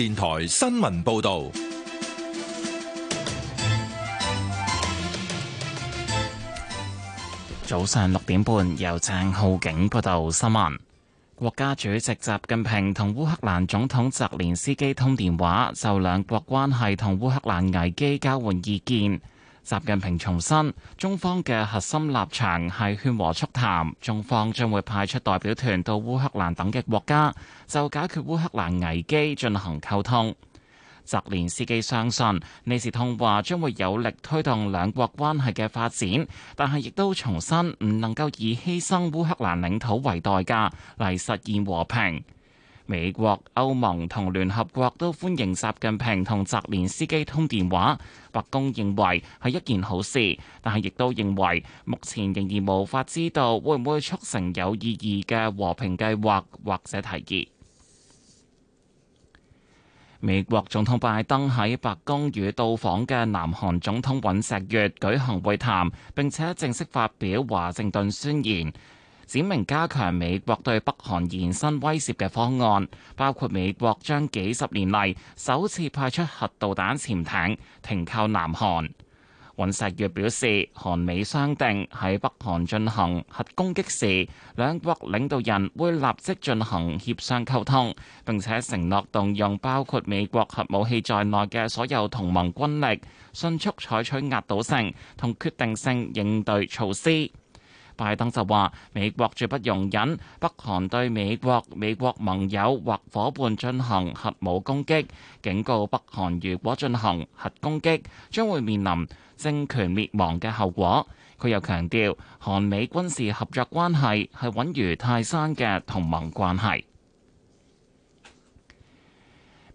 電台新聞報道：早上六點半，由鄭浩景報道新聞。國家主席習近平同烏克蘭總統澤連斯基通電話，就兩國關係同烏克蘭危機交換意見。習近平重申，中方嘅核心立場係勸和促談，中方將會派出代表團到烏克蘭等嘅國家，就解決烏克蘭危機進行溝通。澤連斯基相信，呢次通話將會有力推動兩國關係嘅發展，但係亦都重申唔能夠以犧牲烏克蘭領土為代價嚟實現和平。美國、歐盟同聯合國都歡迎習近平同澤連斯基通電話。白宮認為係一件好事，但係亦都認為目前仍然無法知道會唔會促成有意義嘅和平計劃或者提議。美國總統拜登喺白宮與到訪嘅南韓總統尹錫悅舉行會談，並且正式發表華盛頓宣言。指明加強美國對北韓延伸威懾嘅方案，包括美國將幾十年嚟首次派出核導彈潛艇停靠南韓。尹錫悅表示，韓美商定喺北韓進行核攻擊時，兩國領導人會立即進行協商溝通，並且承諾動用包括美國核武器在內嘅所有同盟軍力，迅速採取壓倒性同決定性應對措施。拜登就話：美國絕不容忍北韓對美國美國盟友或伙伴進行核武攻擊，警告北韓如果進行核攻擊，將會面臨政權滅亡嘅後果。佢又強調，韓美軍事合作關係係穩如泰山嘅同盟關係。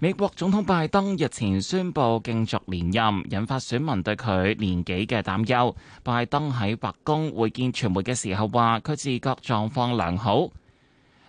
美國總統拜登日前宣布競逐連任，引發選民對佢年紀嘅擔憂。拜登喺白宮會見傳媒嘅時候話，佢自覺狀況良好，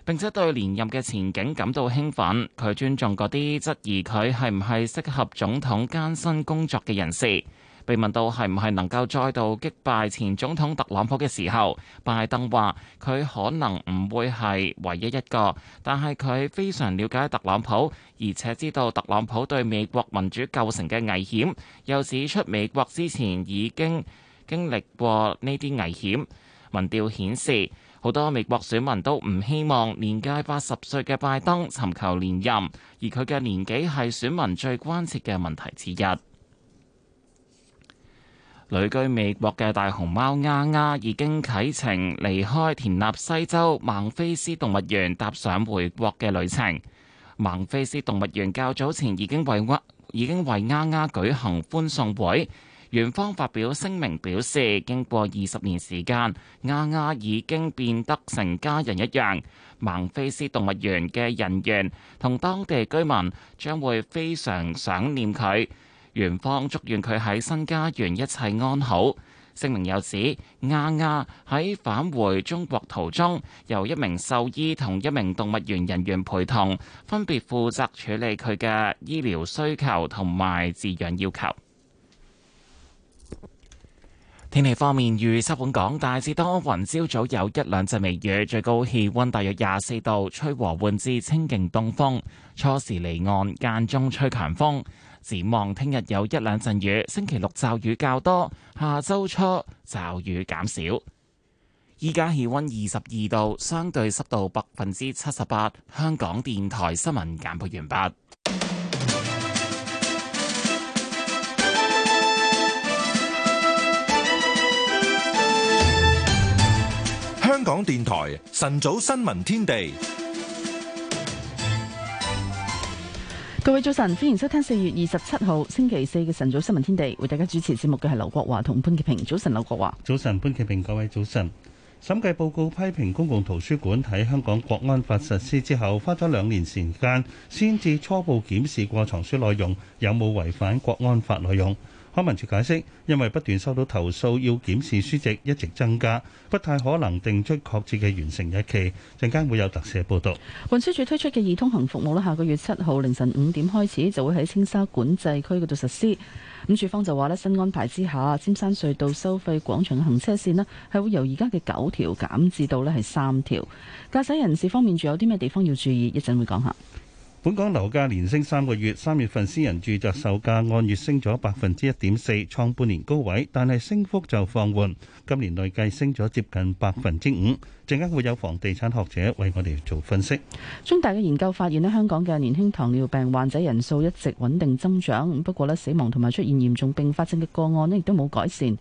並且對連任嘅前景感到興奮。佢尊重嗰啲質疑佢係唔係適合總統艱辛工作嘅人士。被問到係唔係能夠再度擊敗前總統特朗普嘅時候，拜登話：佢可能唔會係唯一一個，但係佢非常了解特朗普，而且知道特朗普對美國民主構成嘅危險。又指出美國之前已經經歷過呢啲危險。民調顯示好多美國選民都唔希望年屆八十歲嘅拜登尋求連任，而佢嘅年紀係選民最關切嘅問題之一。旅居美國嘅大熊貓丫丫已經啟程離開田納西州孟菲斯動物園，踏上回國嘅旅程。孟菲斯動物園較早前已經為丫已經為丫丫丫舉行歡送會，園方發表聲明表示，經過二十年時間，丫丫已經變得成家人一樣。孟菲斯動物園嘅人員同當地居民將會非常想念佢。園方祝願佢喺新家園一切安好。聲明又指丫丫喺返回中國途中，由一名獸醫同一名動物園人員陪同，分別負責處理佢嘅醫療需求同埋飼養要求。天氣方面，預測本港大致多雲，朝早有一兩陣微雨，最高氣溫大約廿四度，吹和緩至清勁東風，初時離岸，間中吹強風。展望聽日有一兩陣雨，星期六驟雨較多，下周初驟雨減少。依家氣温二十二度，相對濕度百分之七十八。香港電台新聞簡報完畢。香港電台晨早新聞天地。各位早晨，歡迎收聽四月二十七號星期四嘅晨早新聞天地，為大家主持節目嘅係劉國華同潘潔平。早晨，劉國華。早晨，潘潔平。各位早晨。審計報告批評公共圖書館喺香港國安法實施之後，花咗兩年時間，先至初步檢視過藏書內容有冇違反國安法內容。康文署解釋：因為不斷收到投訴，要檢視書籍一直增加，不太可能定出確切嘅完成日期。陣間會有特寫報道。運輸署推出嘅易通行服務咧，下個月七號凌晨五點開始就會喺青沙管制區嗰度實施。咁署方就話咧，新安排之下，尖山隧道收費廣場行車線咧，係會由而家嘅九條減至到咧係三條。駕駛人士方面，仲有啲咩地方要注意？一陣會講下。本港樓價連升三個月，三月份私人住宅售價按月升咗百分之一點四，創半年高位，但係升幅就放緩。今年累計升咗接近百分之五。陣間會有房地產學者為我哋做分析。中大嘅研究發現咧，香港嘅年輕糖尿病患者人數一直穩定增長，不過咧死亡同埋出現嚴重併發症嘅個案咧，亦都冇改善。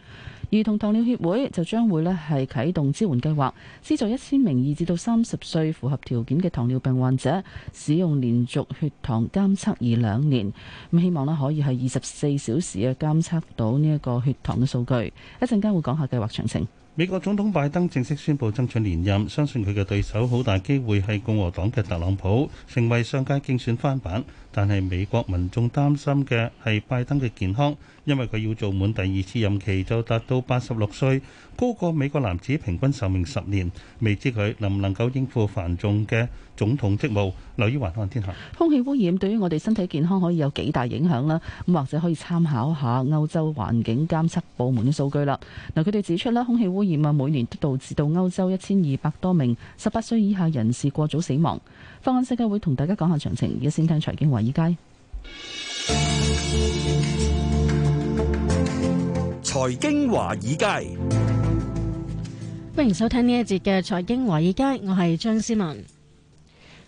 兒童糖尿協會就將會咧係啟動支援計劃，資助一千名二至到三十歲符合條件嘅糖尿病患者使用連續血糖監測儀兩年。咁希望咧可以係二十四小時嘅監測到呢一個血糖嘅數據。一陣間會講下計劃詳情。美國總統拜登正式宣布爭取連任，相信佢嘅對手好大機會係共和黨嘅特朗普，成為上屆競選翻版。但係美國民眾擔心嘅係拜登嘅健康。因為佢要做滿第二次任期就達到八十六歲，高過美國男子平均壽命十年。未知佢能唔能夠應付繁重嘅總統職務。留怡華看天下。空氣污染對於我哋身體健康可以有幾大影響呢？咁或者可以參考下歐洲環境監測部門嘅數據啦。嗱，佢哋指出啦，空氣污染啊，每年都導致到歐洲一千二百多名十八歲以下人士過早死亡。方案世界會同大家講下詳情。一先聽財經華爾街。財經華爾街，歡迎收聽呢一節嘅財經華爾街，我係張思文。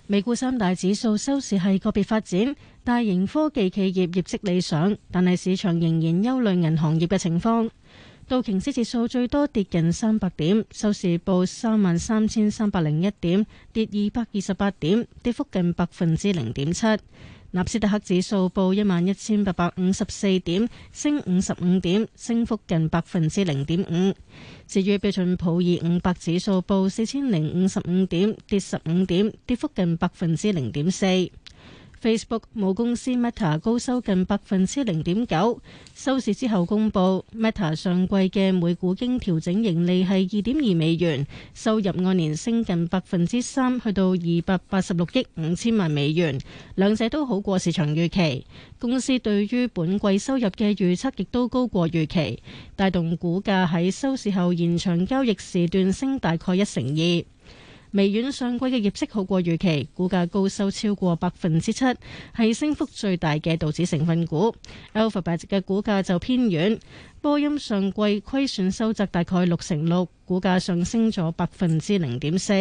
美股三大指數收市係個別發展，大型科技企業業績理想，但係市場仍然憂慮銀行業嘅情況。道瓊斯指數最多跌近三百點，收市報三萬三千三百零一點，跌二百二十八點，跌幅近百分之零點七。納斯達克指數報一萬一千八百五十四點，升五十五點，升幅近百分之零點五。至於標準普爾五百指數報四千零五十五點，跌十五點，跌幅近百分之零點四。Facebook 母公司 Meta 高收近百分之零點九，收市之後公布 Meta 上季嘅每股經調整盈利係二點二美元，收入按年升近百分之三，去到二百八十六億五千萬美元，兩者都好過市場預期。公司對於本季收入嘅預測亦都高過預期，帶動股價喺收市後延長交易時段升大概一成二。微軟上季嘅業績好過預期，股價高收超過百分之七，係升幅最大嘅道指成分股。Alphabet 嘅股價就偏軟。波音上季虧損收窄大概六成六，股價上升咗百分之零點四。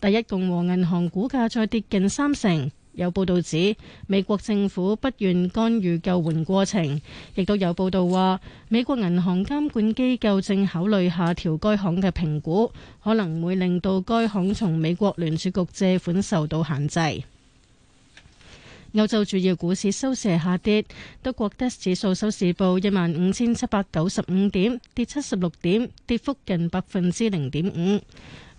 第一共和銀行股價再跌近三成。有報道指美國政府不願干預救援過程，亦都有報道話美國銀行監管機構正考慮下調該行嘅評估，可能會令到該行從美國聯儲局借款受到限制。歐洲主要股市收市下,下跌，德國的指數收市報一萬五千七百九十五點，跌七十六點，跌幅近百分之零點五。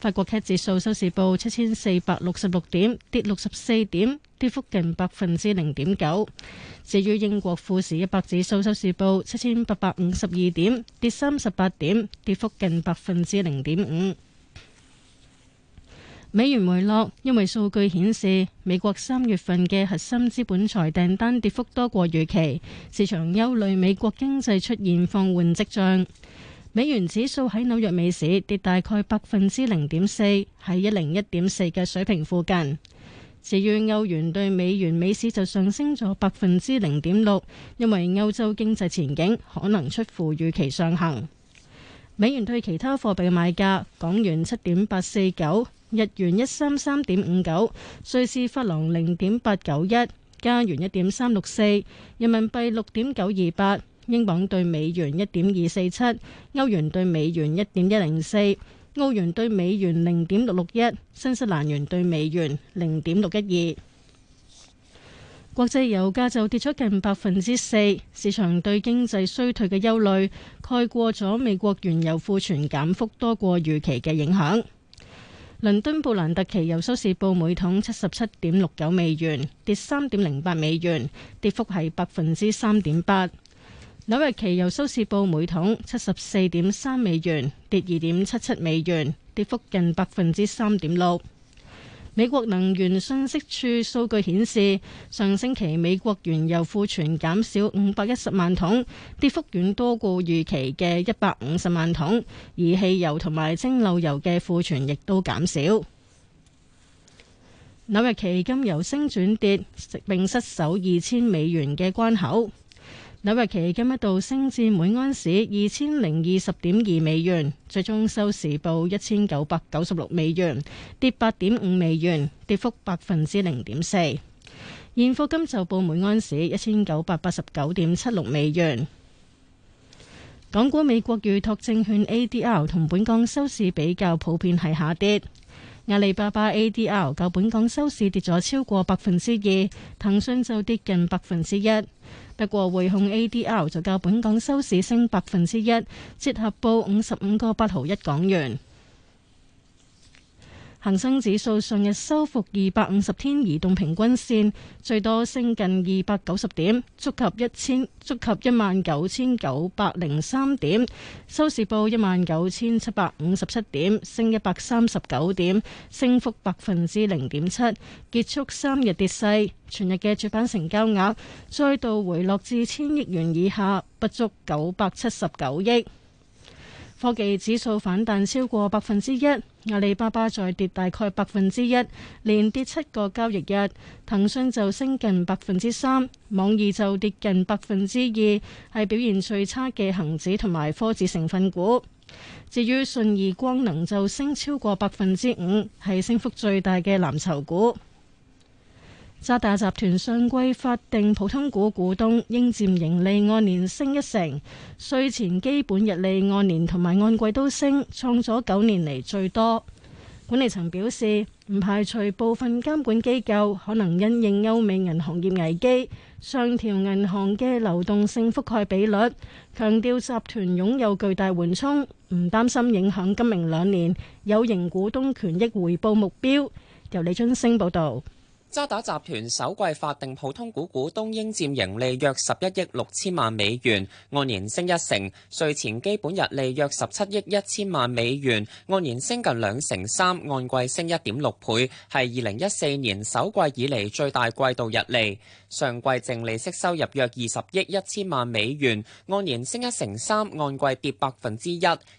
法國 CAC 指數收市報七千四百六十六點，跌六十四點，跌幅近百分之零點九。至於英國富時一百指數收市報七千八百五十二點，跌三十八點，跌幅近百分之零點五。美元回落，因為數據顯示美國三月份嘅核心資本財訂單跌幅多過預期，市場憂慮美國經濟出現放緩跡象。美元指數喺紐約美市跌大概百分之零點四，喺一零一點四嘅水平附近。至於歐元對美元，美市就上升咗百分之零點六，因為歐洲經濟前景可能出乎預期上行。美元對其他貨幣嘅賣價：港元七點八四九，日元一三三點五九，瑞士法郎零點八九一，加元一點三六四，人民幣六點九二八。英鎊兌美元一點二四七，歐元兌美元一點一零四，澳元兌美元零點六六一，新西蘭元兌美元零點六一二。國際油價就跌咗近百分之四，市場對經濟衰退嘅憂慮蓋過咗美國原油庫存減幅多過預期嘅影響。倫敦布蘭特期油收市報每桶七十七點六九美元，跌三點零八美元，跌幅係百分之三點八。紐約期油收市報每桶七十四點三美元，跌二點七七美元，跌幅近百分之三點六。美國能源信息處數據顯示，上星期美國原油庫存減少五百一十萬桶，跌幅遠多過預期嘅一百五十萬桶，而汽油同埋蒸餾油嘅庫存亦都減少。紐約期金由升轉跌，並失守二千美元嘅關口。紐約期金一度升至每盎司二千零二十點二美元，最終收市報一千九百九十六美元，跌八點五美元，跌幅百分之零點四。現貨金就報每盎司一千九百八十九點七六美元。港股美國預託證券 ADR 同本港收市比較普遍係下跌。阿里巴巴 ADR 較本港收市跌咗超過百分之二，騰訊就跌近百分之一。不過匯控 ADR 就較本港收市升百分之一，折合報五十五個八毫一港元。恒生指數上日收復二百五十天移動平均線，最多升近二百九十點，觸及一千，觸及一萬九千九百零三點。收市報一萬九千七百五十七點，升一百三十九點，升幅百分之零點七，結束三日跌勢。全日嘅主板成交額再度回落至千億元以下，不足九百七十九億。科技指數反彈超過百分之一，阿里巴巴再跌大概百分之一，連跌七個交易日。騰訊就升近百分之三，網易就跌近百分之二，係表現最差嘅恒指同埋科指成分股。至於信義光能就升超過百分之五，係升幅最大嘅藍籌股。渣打集團上季法定普通股股東應佔盈利按年升一成，稅前基本溢利按年同埋按季都升，創咗九年嚟最多。管理層表示，唔排除部分監管機構可能因應歐美銀行業危機，上調銀行嘅流動性覆蓋比率，強調集團擁有巨大緩衝，唔擔心影響今明兩年有形股東權益回報目標。由李津升報道。渣打集團首季法定普通股股東應佔盈利約十一億六千萬美元，按年升一成，稅前基本日利約十七億一千萬美元，按年升近兩成三，按季升一點六倍，係二零一四年首季以嚟，最大季度日利。上季淨利息收入約二十億一千萬美元，按年升一成三，按季跌百分之一。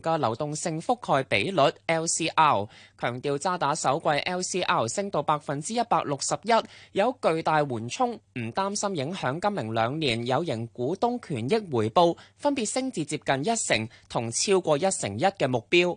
嘅流動性覆蓋比率 LCR，強調渣打首季 LCR 升到百分之一百六十一，有巨大緩衝，唔擔心影響今明兩年有形股東權益回報分別升至接近一成同超過一成一嘅目標。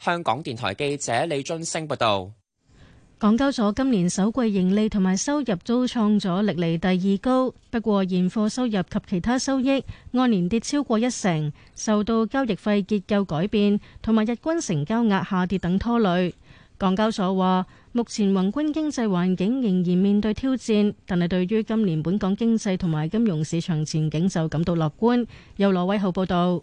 香港電台記者李俊升報道，港交所今年首季盈利同埋收入都創咗歷嚟第二高，不過現貨收入及其他收益按年跌超過一成，受到交易費結構改變同埋日均成交額下跌等拖累。港交所話，目前宏觀經濟環境仍然面對挑戰，但係對於今年本港經濟同埋金融市場前景就感到樂觀。有羅偉浩報道。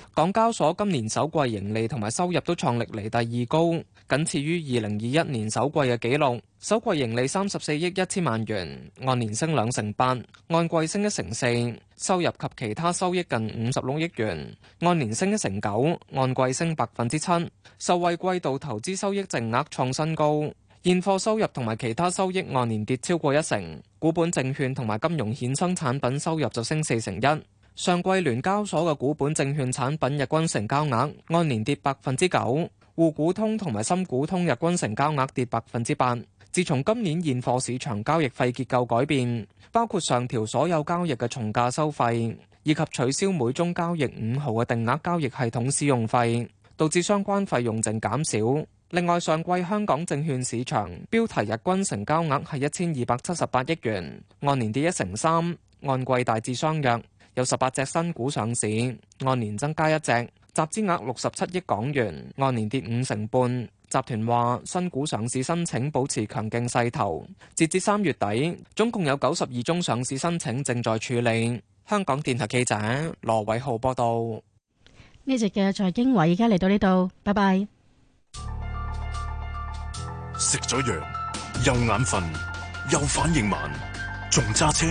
港交所今年首季盈利同埋收入都創歷嚟第二高，僅次於二零二一年首季嘅紀錄。首季盈利三十四億一千萬元，按年升兩成八，按季升一成四。收入及其他收益近五十六億元，按年升一成九，按季升百分之七。受惠季度投資收益淨額創新高。現貨收入同埋其他收益按年跌超過一成，股本證券同埋金融衍生產品收入就升四成一。上季聯交所嘅股本證券產品日均成交額按年跌百分之九，滬股通同埋深股通日均成交額跌百分之八。自從今年現貨市場交易費結構改變，包括上調所有交易嘅重價收費，以及取消每宗交易五毫嘅定額交易系統使用費，導致相關費用淨減少。另外，上季香港證券市場標題日均成交額係一千二百七十八億元，按年跌一成三，按季大致相若。有十八隻新股上市，按年增加一隻，集資額六十七億港元，按年跌五成半。集團話新股上市申請保持強勁勢頭，截至三月底，總共有九十二宗上市申請正在處理。香港電台記者羅偉浩報道。呢席嘅財經話，而家嚟到呢度，拜拜。食咗藥又眼瞓又反應慢，仲揸車，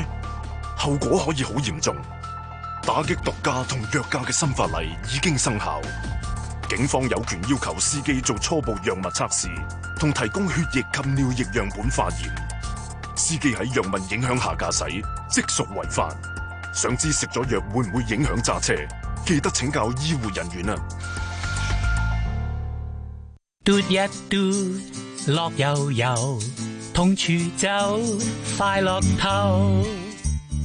後果可以好嚴重。打擊毒駕同藥駕嘅新法例已經生效，警方有權要求司機做初步藥物測試，同提供血液及尿液樣本化驗。司機喺藥物影響下駕駛，即屬違法。想知食咗藥會唔會影響揸車？記得請教醫護人員啊！嘟一嘟，樂悠悠，同處走，快樂透。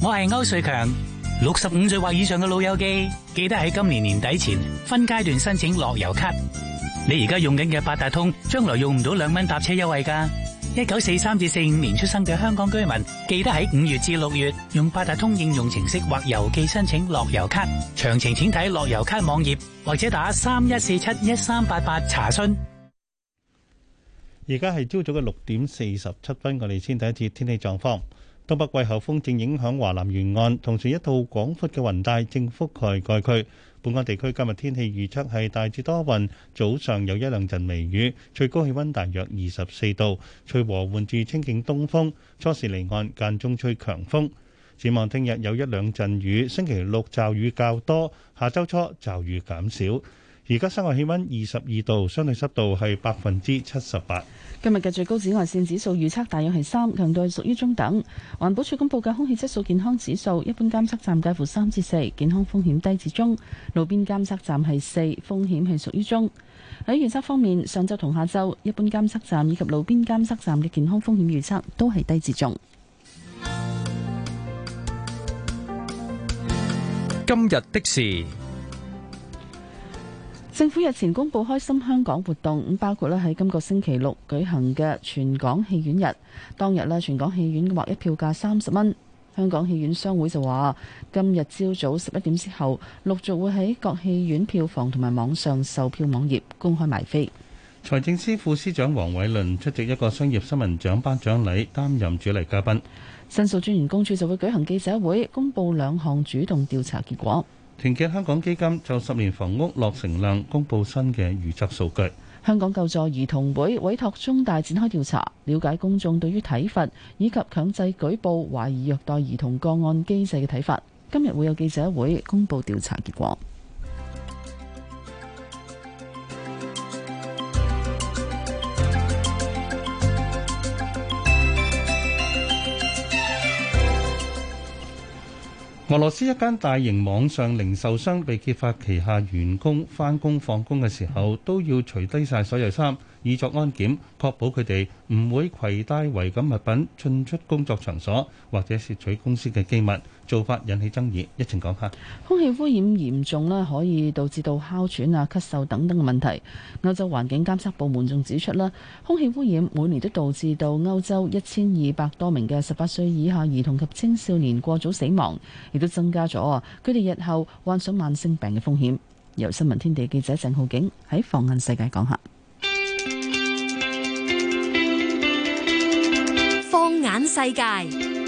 我係歐瑞強。六十五歲或以上嘅老友記，記得喺今年年底前分階段申請樂悠咭。你而家用緊嘅八達通，將來用唔到兩蚊搭車優惠㗎。一九四三至四五年出生嘅香港居民，記得喺五月至六月用八達通應用程式或郵寄申請樂悠咭。詳情請睇樂悠咭網頁或者打三一四七一三八八查詢。而家係朝早嘅六點四十七分，我哋先睇一節天氣狀況。東北季候風正影響華南沿岸，同時一道廣闊嘅雲帶正覆蓋該區。本港地區今日天氣預測係大致多雲，早上有一兩陣微雨，最高氣温大約二十四度。吹和緩至清勁東風，初時離岸間中吹強風。展望聽日有一兩陣雨，星期六驟雨較多，下周初驟雨減少。而家室外氣温二十二度，相對濕度係百分之七十八。今日嘅最高紫外線指數預測大約係三，強度係屬於中等。環保署公布嘅空氣質素健康指數，一般監測站介乎三至四，健康風險低至中；路邊監測站係四，風險係屬於中。喺預測方面，上晝同下晝，一般監測站以及路邊監測站嘅健康風險預測都係低至中。今日的事。政府日前公布開心香港活動，咁包括咧喺今個星期六舉行嘅全港戲院日。當日咧全港戲院劃一票價三十蚊。香港戲院商會就話，今日朝早十一點之後，陸續會喺各戲院票房同埋網上售票網頁公開賣飛。財政司副司長黃偉綸出席一個商業新聞獎頒獎禮，擔任主禮嘉賓。申訴專員公署就會舉行記者會，公布兩項主動調查結果。團結香港基金就十年房屋落成量公布新嘅預測數據。香港救助兒童會委託中大展開調查，了解公眾對於體罰以及強制舉報懷疑虐待兒童個案機制嘅睇法。今日會有記者會公布調查結果。俄羅斯一間大型網上零售商被揭發旗下員工返工放工嘅時候，都要除低晒所有衫。以作安檢，確保佢哋唔會攜帶違禁物品進出工作場所，或者竊取公司嘅機密，做法引起爭議。一陣講下空氣污染嚴重咧，可以導致到哮喘啊、咳嗽等等嘅問題。歐洲環境監測部門仲指出咧，空氣污染每年都導致到歐洲一千二百多名嘅十八歲以下兒童及青少年過早死亡，亦都增加咗佢哋日後患上慢性病嘅風險。由新聞天地記者鄭浩景喺放眼世界講下。放眼世界。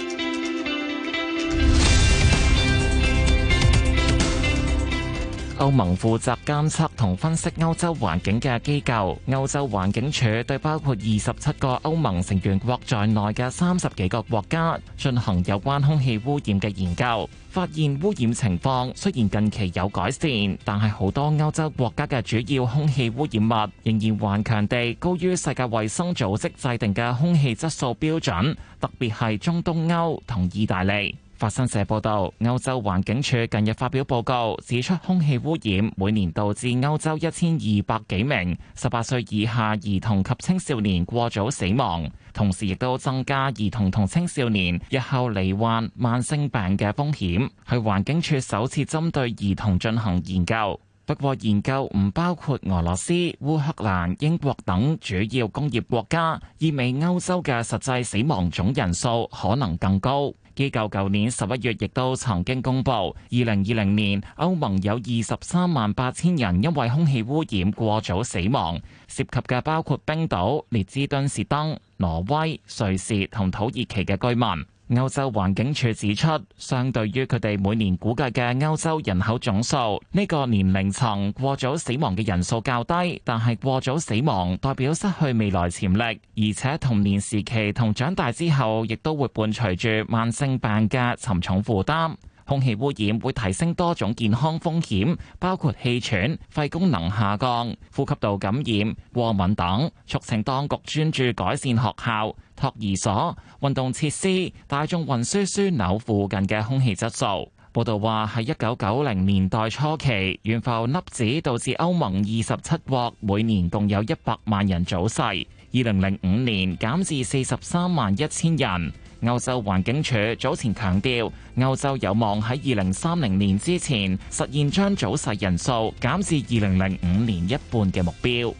歐盟負責監測同分析歐洲環境嘅機構歐洲環境署對包括二十七個歐盟成員國在內嘅三十幾個國家進行有關空氣污染嘅研究，發現污染情況雖然近期有改善，但係好多歐洲國家嘅主要空氣污染物仍然頑強地高於世界衛生組織制定嘅空氣質素標準，特別係中東歐同意大利。法新社報道，歐洲環境署近日發表報告，指出空氣污染每年導致歐洲一千二百幾名十八歲以下兒童及青少年過早死亡，同時亦都增加兒童同青少年日後罹患慢性病嘅風險。係環境署首次針對兒童進行研究，不過研究唔包括俄羅斯、烏克蘭、英國等主要工業國家，意味歐洲嘅實際死亡總人數可能更高。機構舊年十一月亦都曾經公布，二零二零年歐盟有二十三萬八千人因為空氣污染過早死亡，涉及嘅包括冰島、列支敦士登、挪威、瑞士同土耳其嘅居民。歐洲環境署指出，相對於佢哋每年估計嘅歐洲人口總數，呢個年齡層過早死亡嘅人數較低，但係過早死亡代表失去未來潛力，而且童年時期同長大之後，亦都會伴隨住慢性病嘅沉重負擔。空氣污染會提升多種健康風險，包括氣喘、肺功能下降、呼吸道感染、過敏等。促成當局專注改善學校、托兒所、運動設施、大眾運輸樞紐附近嘅空氣質素。報道話喺一九九零年代初期，懸浮粒子導致歐盟二十七國每年共有一百萬人早逝，二零零五年減至四十三萬一千人。歐洲環境署早前強調，歐洲有望喺二零三零年之前實現將早逝人數減至二零零五年一半嘅目標。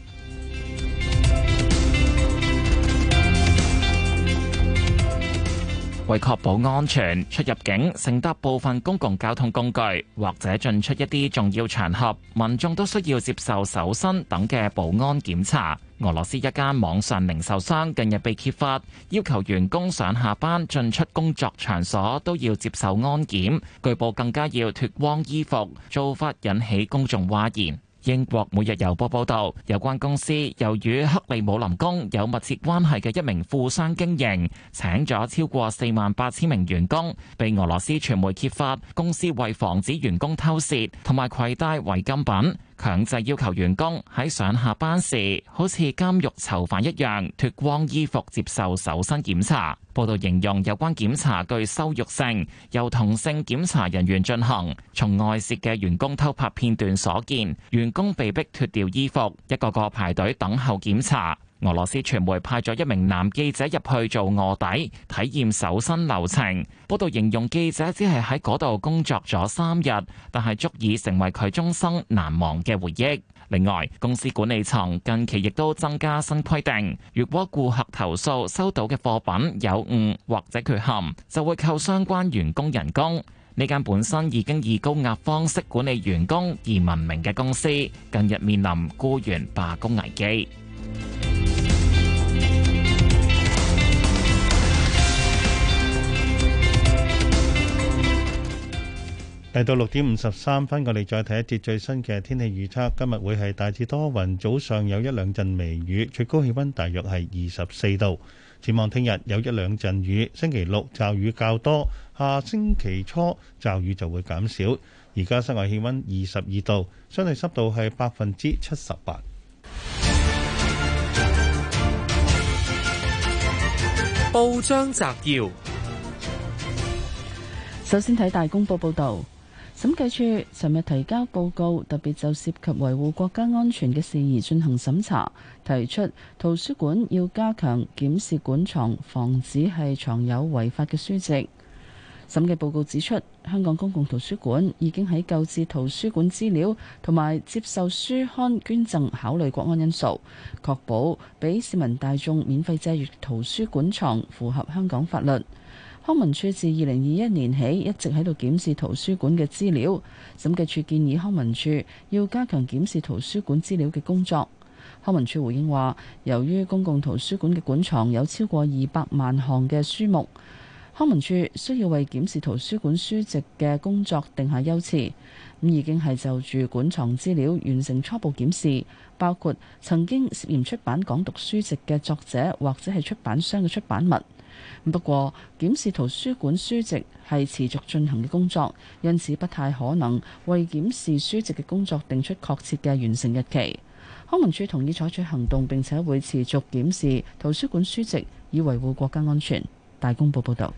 為確保安全，出入境乘搭部分公共交通工具或者進出一啲重要場合，民眾都需要接受搜身等嘅保安檢查。俄羅斯一家網上零售商近日被揭發，要求員工上下班、進出工作場所都要接受安檢，據報更加要脱光衣服，做法引起公眾譁然。英國每日郵報報道，有關公司由與克里姆林宮有密切關係嘅一名富商經營，請咗超過四萬八千名員工，被俄羅斯傳媒揭發，公司為防止員工偷竊同埋攜帶違禁品，強制要求員工喺上下班時，好似監獄囚犯一樣脱光衣服接受搜身檢查。報道形容有關檢查具羞辱性，由同性檢查人員進行。從外泄嘅員工偷拍片段所見，員工被迫脱掉衣服，一個個排隊等候檢查。俄羅斯傳媒派咗一名男記者入去做臥底，體驗搜身流程。報道形容記者只係喺嗰度工作咗三日，但係足以成為佢終生難忘嘅回憶。另外，公司管理層近期亦都增加新規定，如果顧客投訴收到嘅貨品有誤或者缺陷，就會扣相關員工人工。呢間本身已經以高壓方式管理員工而聞名嘅公司，近日面臨僱員罷工危機。嚟到六點五十三分，我哋再睇一節最新嘅天氣預測。今日會係大致多雲，早上有一兩陣微雨，最高氣溫大約係二十四度。展望聽日有一兩陣雨，星期六驟雨較多，下星期初驟雨就會減少。而家室外氣溫二十二度，相對濕度係百分之七十八。報章摘要，首先睇大公報報道。審計署尋日提交報告，特別就涉及維護國家安全嘅事宜進行審查，提出圖書館要加強檢視館藏，防止係藏有違法嘅書籍。審計報告指出，香港公共圖書館已經喺購置圖書館資料同埋接受書刊捐贈，考慮國安因素，確保俾市民大眾免費借閱圖書館藏符合香港法律。康文署自二零二一年起一直喺度檢視圖書館嘅資料，審計署建議康文署要加強檢視圖書館資料嘅工作。康文署回應話，由於公共圖書館嘅館藏有超過二百萬項嘅書目，康文署需要為檢視圖書館書籍嘅工作定下優次。咁已經係就住館藏資料完成初步檢視，包括曾經涉嫌出版港獨書籍嘅作者或者係出版商嘅出版物。不過檢視圖書館書籍係持續進行嘅工作，因此不太可能為檢視書籍嘅工作定出確切嘅完成日期。康文署同意採取行動，並且會持續檢視圖書館書籍，以維護國家安全。大公報報道，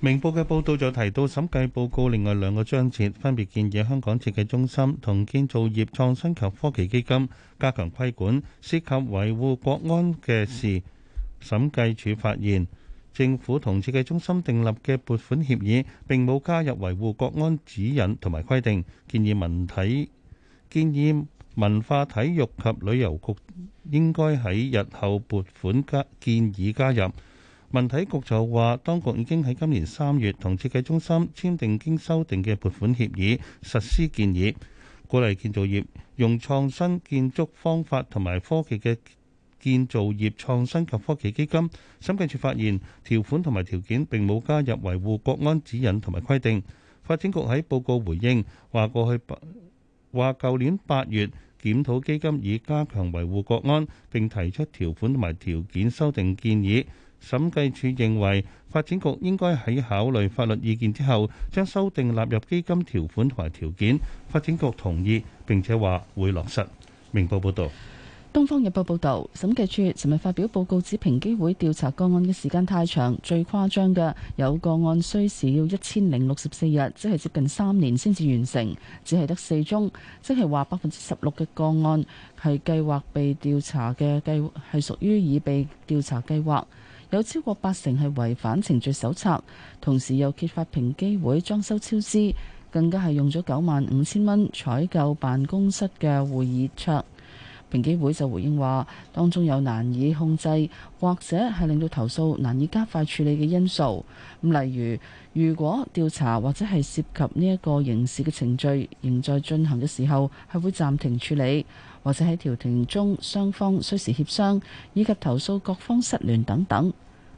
明報嘅報道就提到審計報告另外兩個章節分別建議香港設計中心同建造業創新及科技基金加強規管涉及維護國安嘅事。審計署發現。政府同設計中心訂立嘅撥款協議並冇加入維護國安指引同埋規定，建議文體建議文化體育及旅遊局應該喺日後撥款加建議加入。文體局就話，當局已經喺今年三月同設計中心簽訂經修訂嘅撥款協議實施建議，鼓勵建造業用創新建築方法同埋科技嘅。建造業創新及科技基金，審計署發現條款同埋條件並冇加入維護國安指引同埋規定。發展局喺報告回應話，過去八話，舊年八月檢討基金已加強維護國安，並提出條款同埋條件修訂建議。審計署認為發展局應該喺考慮法律意見之後，將修訂納入基金條款同埋條件。發展局同意並且話會落實。明報報導。《東方日報》報導，審計處尋日發表報告指，平機會調查個案嘅時間太長，最誇張嘅有個案需時要一千零六十四日，即係接近三年先至完成，只係得四宗，即係話百分之十六嘅個案係計劃被調查嘅計劃，係屬於已被調查計劃，有超過八成係違反程序手冊，同時又揭發平機會裝修超支，更加係用咗九萬五千蚊採購辦公室嘅會議桌。平機會就回應話，當中有難以控制或者係令到投訴難以加快處理嘅因素，例如如果調查或者係涉及呢一個刑事嘅程序仍在進行嘅時候，係會暫停處理，或者喺調停中雙方需時協商，以及投訴各方失聯等等。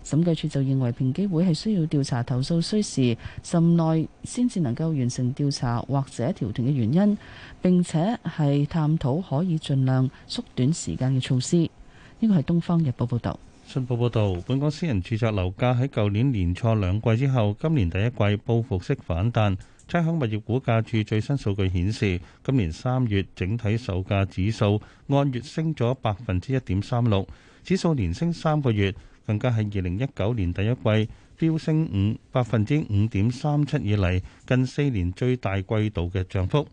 審計處就認為，平機會係需要調查投訴，需時甚耐先至能夠完成調查或者調停嘅原因，並且係探討可以盡量縮短時間嘅措施。呢個係《東方日報》報道。信報報道，本港私人住宅樓價喺舊年年初兩季之後，今年第一季報復式反彈。差餉物業估價署最新數據顯示，今年三月整體售價指數按月升咗百分之一點三六，指數連升三個月。更加係二零一九年第一季飆升五百分之五點三七以嚟近四年最大季度嘅漲幅。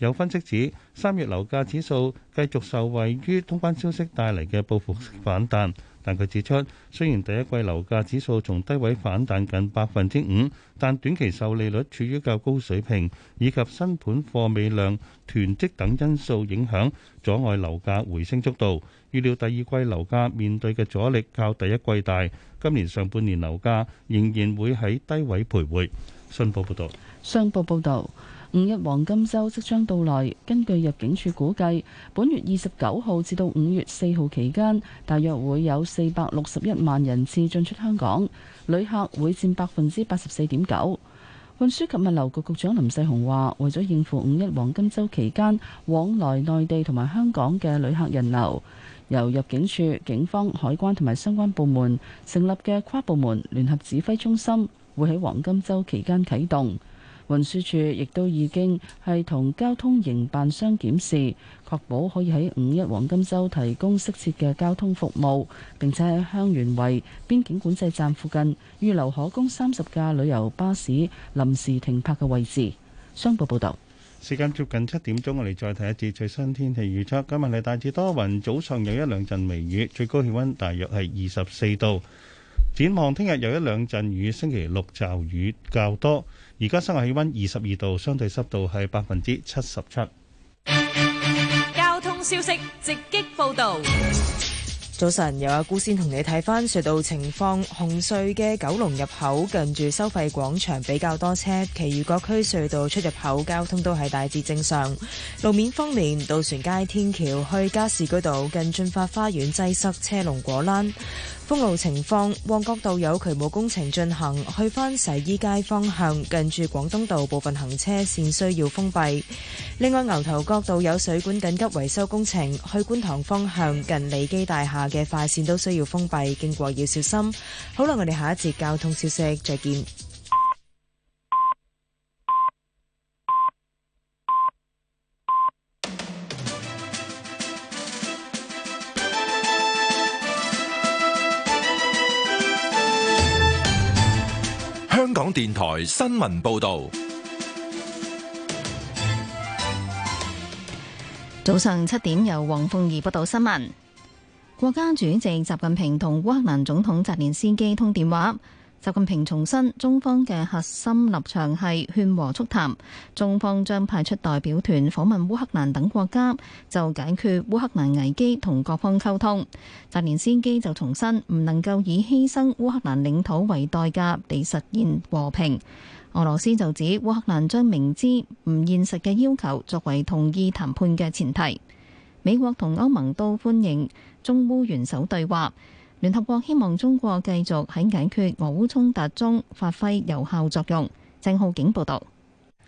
有分析指，三月樓價指數繼續受惠於通關消息帶嚟嘅報復式反彈，但佢指出，雖然第一季樓價指數從低位反彈近百分之五，但短期受利率處於較高水平，以及新盤貨尾量囤積等因素影響阻礙樓價回升速度。預料第二季樓價面對嘅阻力較第一季大，今年上半年樓價仍然會喺低位徘徊。商報報道，商報報道，五一黃金周即將到來。根據入境處估計，本月二十九號至到五月四號期間，大約會有四百六十一萬人次進出香港，旅客會佔百分之八十四點九。運輸及物流局局長林世雄話，為咗應付五一黃金周期間往來內地同埋香港嘅旅客人流。由入境處、警方、海關同埋相關部門成立嘅跨部門聯合指揮中心會喺黃金周期間啟動。運輸處亦都已經係同交通營辦商檢視，確保可以喺五一黃金周提供適切嘅交通服務，並且喺香園圍邊境管制站附近預留可供三十架旅遊巴士臨時停泊嘅位置。商報報道。時間接近七點鐘，我哋再睇一次最新天氣預測。今日係大致多雲，早上有一兩陣微雨，最高氣溫大約係二十四度。展望聽日有一兩陣雨，星期六驟雨較多。而家室外氣溫二十二度，相對濕度係百分之七十七。交通消息直擊報道。早晨，由阿姑先同你睇返隧道情況。紅隧嘅九龍入口近住收費廣場比較多車，其餘各區隧道出入口交通都係大致正常。路面方面，渡船街天橋去加士居道近駿發花園擠塞，車龍果欄。封路情況，旺角道有渠務工程進行，去返洗衣街方向近住廣東道部分行車線需要封閉。另外，牛頭角道有水管緊急維修工程，去觀塘方向近利基大廈嘅快線都需要封閉，經過要小心。好啦，我哋下一節交通消息再見。香港電台新聞報道，早上七點由黃鳳儀報道新聞。國家主席習近平同烏克蘭總統澤連斯基通電話。習近平重申，中方嘅核心立場係勸和促談，中方將派出代表團訪問烏克蘭等國家，就解決烏克蘭危機同各方溝通。澤連斯基就重申，唔能夠以犧牲烏克蘭領土為代價地實現和平。俄羅斯就指，烏克蘭將明知唔現實嘅要求作為同意談判嘅前提。美國同歐盟都歡迎中烏元首對話。聯合國希望中國繼續喺解決俄烏衝突中發揮有效作用。鄭浩景報道。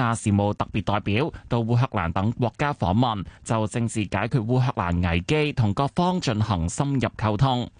亞事務特別代表到烏克蘭等國家訪問，就政治解決烏克蘭危機同各方進行深入溝通。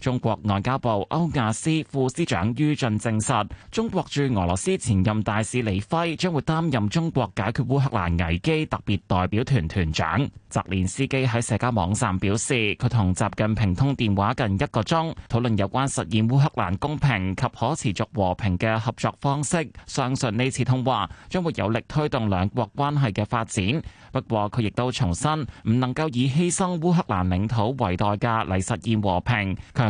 中國外交部歐亞司副司長于俊證實，中國駐俄羅斯前任大使李輝將會擔任中國解決烏克蘭危機特別代表團團長。澤連斯基喺社交網站表示，佢同習近平通電話近一個鐘，討論有關實現烏克蘭公平及可持續和平嘅合作方式，相信呢次通話將會有力推動兩國關係嘅發展。不過佢亦都重申，唔能夠以犧牲烏克蘭領土為代價嚟實現和平。強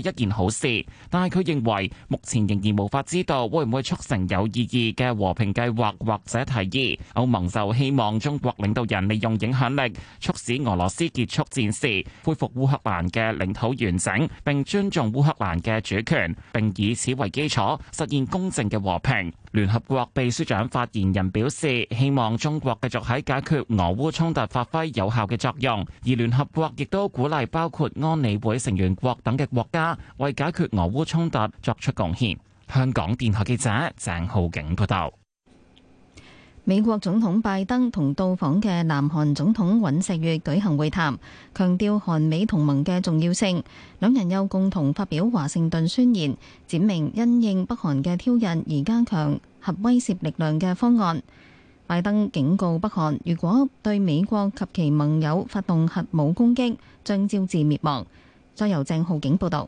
一件好事，但係佢認為目前仍然無法知道會唔會促成有意義嘅和平計劃或者提議。歐盟就希望中國領導人利用影響力，促使俄羅斯結束戰事，恢復烏克蘭嘅領土完整，並尊重烏克蘭嘅主權，並以此為基礎實現公正嘅和平。聯合國秘書長發言人表示，希望中國繼續喺解決俄烏衝突發揮有效嘅作用，而聯合國亦都鼓勵包括安理會成員國等嘅國家為解決俄烏衝突作出貢獻。香港電台記者鄭浩景報道。美國總統拜登同到訪嘅南韓總統尹錫悅舉行會談，強調韓美同盟嘅重要性。兩人又共同發表華盛頓宣言，闡明因應北韓嘅挑釁而加強核威懾力量嘅方案。拜登警告北韓，如果對美國及其盟友發動核武攻擊，將招致滅亡。再由鄭浩景報道。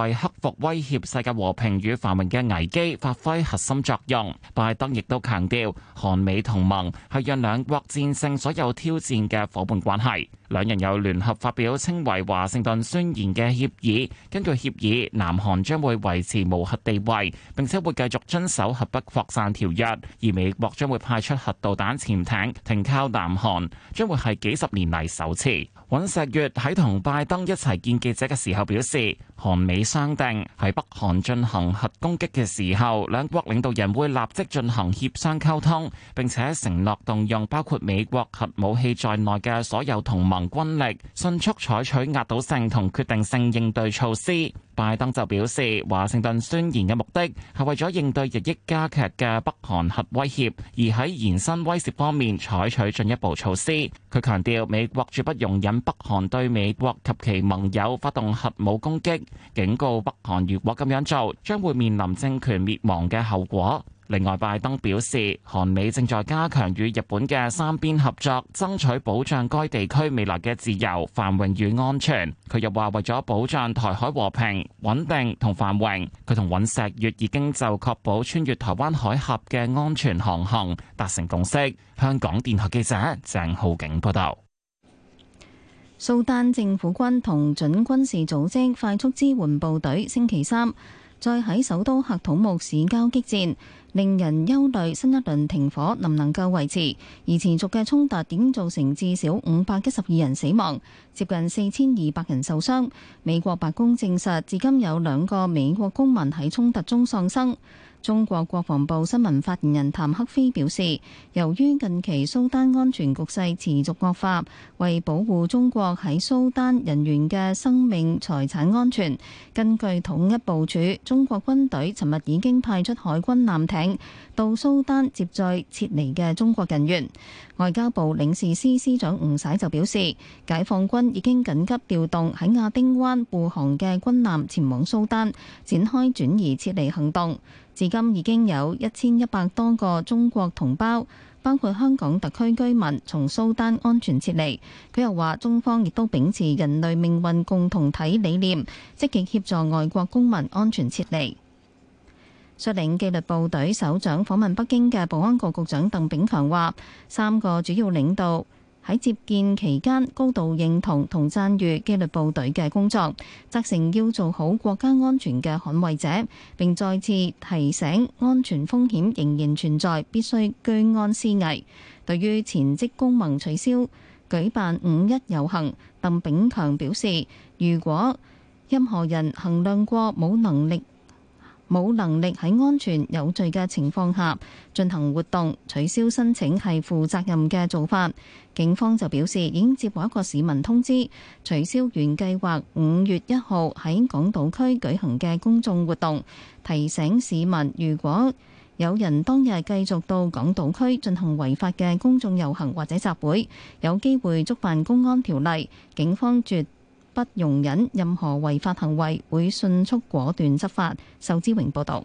為克服威脅世界和平與繁榮嘅危機，發揮核心作用。拜登亦都強調，韓美同盟係讓兩國戰勝所有挑戰嘅伙伴關係。兩人有聯合發表稱為《華盛頓宣言》嘅協議，根據協議南韓將會維持無核地位，並且會繼續遵守核不擴散條約，而美國將會派出核導彈潛艇停靠南韓將會係幾十年嚟首次。尹錫悅喺同拜登一齊見記者嘅時候表示，韓美商定喺北韓進行核攻擊嘅時候，兩國領導人會立即進行協商溝通，並且承諾動用包括美國核武器在內嘅所有同盟。軍力迅速採取壓倒性同決定性應對措施。拜登就表示，華盛頓宣言嘅目的係為咗應對日益加劇嘅北韓核威脅，而喺延伸威懾方面採取進一步措施。佢強調，美國絕不容忍北韓對美國及其盟友發動核武攻擊，警告北韓如果咁樣做，將會面臨政權滅亡嘅後果。另外，拜登表示，韓美正在加強與日本嘅三邊合作，爭取保障該地區未來嘅自由、繁榮與安全。佢又話，為咗保障台海和平穩定同繁榮，佢同尹錫悅已經就確保穿越台灣海峽嘅安全航行達成共識。香港電台記者鄭浩景報道。蘇丹政府軍同準軍事組織快速支援部隊星期三再喺首都喀土穆市交激戰。令人憂慮，新一輪停火能唔能夠維持？而持續嘅衝突已經造成至少五百一十二人死亡，接近四千二百人受傷。美國白宮證實，至今有兩個美國公民喺衝突中喪生。中國國防部新聞發言人譚克非表示，由於近期蘇丹安全局勢持續惡化，為保護中國喺蘇丹人員嘅生命財產安全，根據統一部署，中國軍隊尋日已經派出海軍艦艇到蘇丹接載撤離嘅中國人員。外交部領事司司長吳璽就表示，解放軍已經緊急調動喺亞丁灣護航嘅軍艦前往蘇丹，展開轉移撤離行動。至今已經有一千一百多個中國同胞，包括香港特區居民，從蘇丹安全撤離，佢又話中方亦都秉持人類命運共同體理念，積極協助外國公民安全撤離。率領紀律部隊首長訪問北京嘅保安局局長鄧炳強話，三個主要領導。喺接見期間，高度認同同讚譽紀律部隊嘅工作，責成要做好國家安全嘅捍衞者。並再次提醒安全風險仍然存在，必須居安思危。對於前職公民取消舉辦五一遊行，鄧炳強表示：如果任何人衡量過冇能力。冇能力喺安全有序嘅情況下進行活動，取消申請係負責任嘅做法。警方就表示已經接獲一個市民通知，取消原計劃五月一號喺港島區舉行嘅公眾活動，提醒市民，如果有人當日繼續到港島區進行違法嘅公眾遊行或者集會，有機會觸犯公安條例，警方絕。不容忍任何違法行為，會迅速果斷執法。仇之榮報道。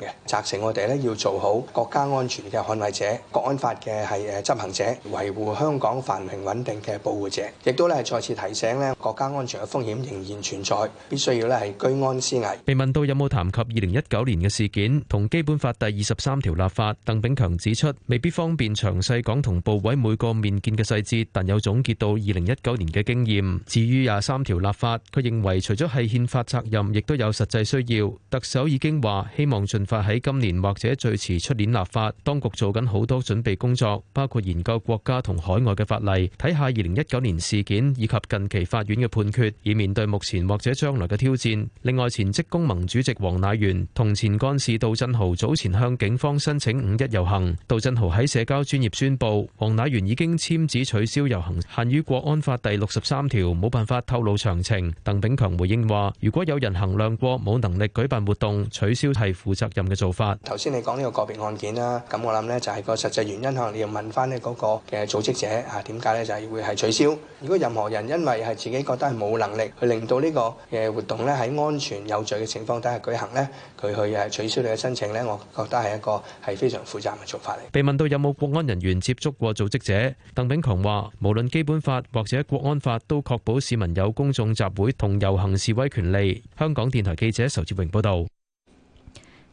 責成我哋咧要做好國家安全嘅捍衞者，國安法嘅係誒執行者，維護香港繁榮穩定嘅保護者。亦都咧再次提醒咧，國家安全嘅風險仍然存在，必須要咧係居安思危。被問到有冇談及2019年嘅事件同基本法第二十三條立法，鄧炳強指出未必方便詳細講同部委每個面見嘅細節，但有總結到2019年嘅經驗。至於廿三條立法，佢認為除咗係憲法責任，亦都有實際需要。特首已經話希望盡法喺今年或者最遲出年立法，當局做緊好多準備工作，包括研究國家同海外嘅法例，睇下二零一九年事件以及近期法院嘅判決，以面對目前或者將來嘅挑戰。另外，前職工盟主席黃乃元同前幹事杜振豪早前向警方申請五一遊行，杜振豪喺社交專業宣布黃乃元已經簽紙取消遊行，限於國安法第六十三條，冇辦法透露詳情。鄧炳強回應話：如果有人衡量過冇能力舉辦活動，取消係負責任嘅做法，頭先你講呢個個別案件啦，咁我諗呢就係個實際原因，可能你要問翻呢嗰個嘅組織者啊，點解呢就係會係取消？如果任何人因為係自己覺得係冇能力去令到呢個嘅活動呢喺安全有序嘅情況底下舉行呢，佢去係取消你嘅申請呢，我覺得係一個係非常負責任嘅做法嚟。被問到有冇國安人員接觸過組織者，鄧炳強話：無論基本法或者國安法都確保市民有公眾集會同遊行示威權利。香港電台記者仇志榮報道。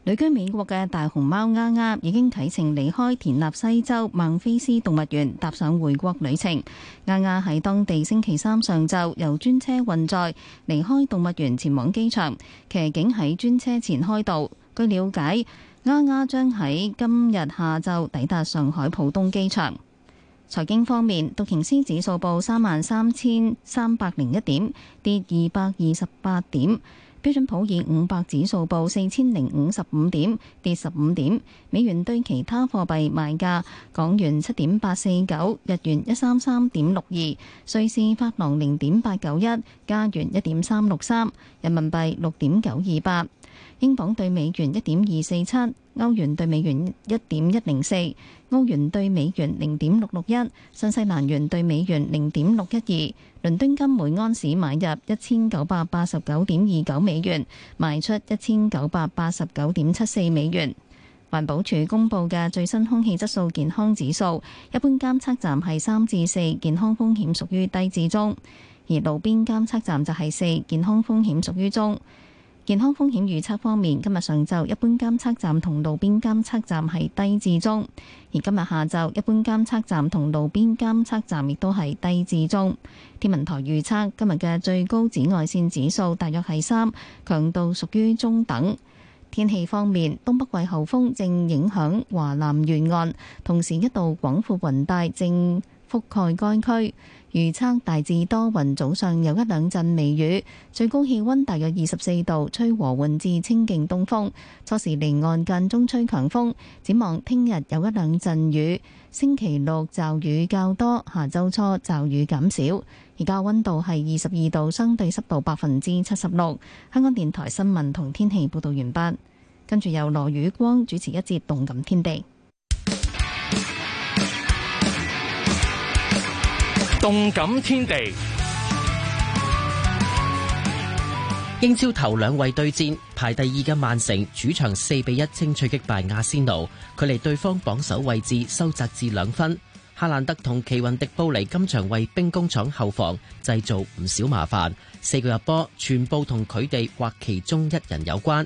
旅居美國嘅大熊貓丫丫已經啟程離開田納西州孟菲斯動物園，踏上回國旅程。丫丫喺當地星期三上晝由專車運載離開動物園，前往機場。騎警喺專車前開道。據了解，丫丫將喺今日下晝抵達上海浦東機場。財經方面，道瓊斯指數報三萬三千三百零一點，跌二百二十八點。標準普爾五百指數報四千零五十五點，跌十五點。美元對其他貨幣賣價：港元七點八四九，日元一三三點六二，瑞士法郎零點八九一，加元一點三六三，人民幣六點九二八，英鎊對美元一點二四七。歐元對美元一點一零四，歐元對美元零點六六一，新西蘭元對美元零點六一二，倫敦金每安士買入一千九百八十九點二九美元，賣出一千九百八十九點七四美元。環保署公布嘅最新空氣質素健康指數，一般監測站係三至四，健康風險屬於低至中；而路邊監測站就係四，健康風險屬於中。健康風險預測方面，今日上晝一般監測站同路邊監測站係低至中，而今日下晝一般監測站同路邊監測站亦都係低至中。天文台預測今日嘅最高紫外線指數大約係三，強度屬於中等。天氣方面，東北季候風正影響華南沿岸，同時一道廣闊雲帶正覆蓋該區。預測大致多雲，雲早上有一兩陣微雨，最高氣溫大約二十四度，吹和緩至清勁東風，初時離岸間中吹強風。展望聽日有一兩陣雨，星期六驟雨較多，下周初驟雨減少。而家溫度係二十二度，相對濕度百分之七十六。香港電台新聞同天氣報道完畢，跟住由羅宇光主持一節《動感天地》。動感天地，英超頭兩位對戰，排第二嘅曼城主場四比一清脆擊敗阿仙奴，距離對方榜首位置收窄至兩分。哈蘭德同奇雲迪布尼今場為兵工廠後防製造唔少麻煩，四個入波全部同佢哋或其中一人有關。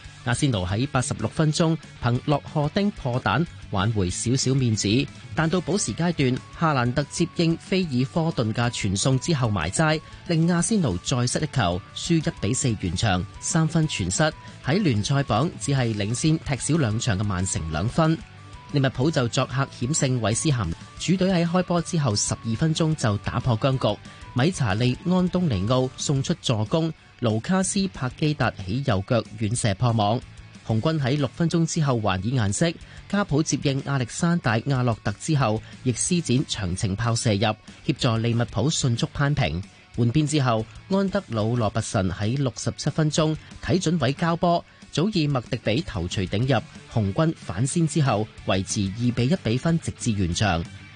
阿仙奴喺八十六分鐘憑洛荷丁破蛋挽回少少面子，但到補時階段，夏蘭特接應菲爾科頓嘅傳送之後埋齋，令阿仙奴再失一球，輸一比四完場，三分全失。喺聯賽榜只係領先踢少兩場嘅曼城兩分。利物浦就作客險勝韋斯咸，主隊喺開波之後十二分鐘就打破僵局，米查利安東尼奧送出助攻。盧卡斯·柏基達起右腳遠射破網，紅軍喺六分鐘之後還以顏色。加普接應亞歷山大·亞洛特之後，亦施展長程炮射入，協助利物浦迅速攀平。換邊之後，安德魯·羅拔臣喺六十七分鐘睇準位交波，早已麥迪比頭錘頂入，紅軍反先之後維持二比一比分，直至完場。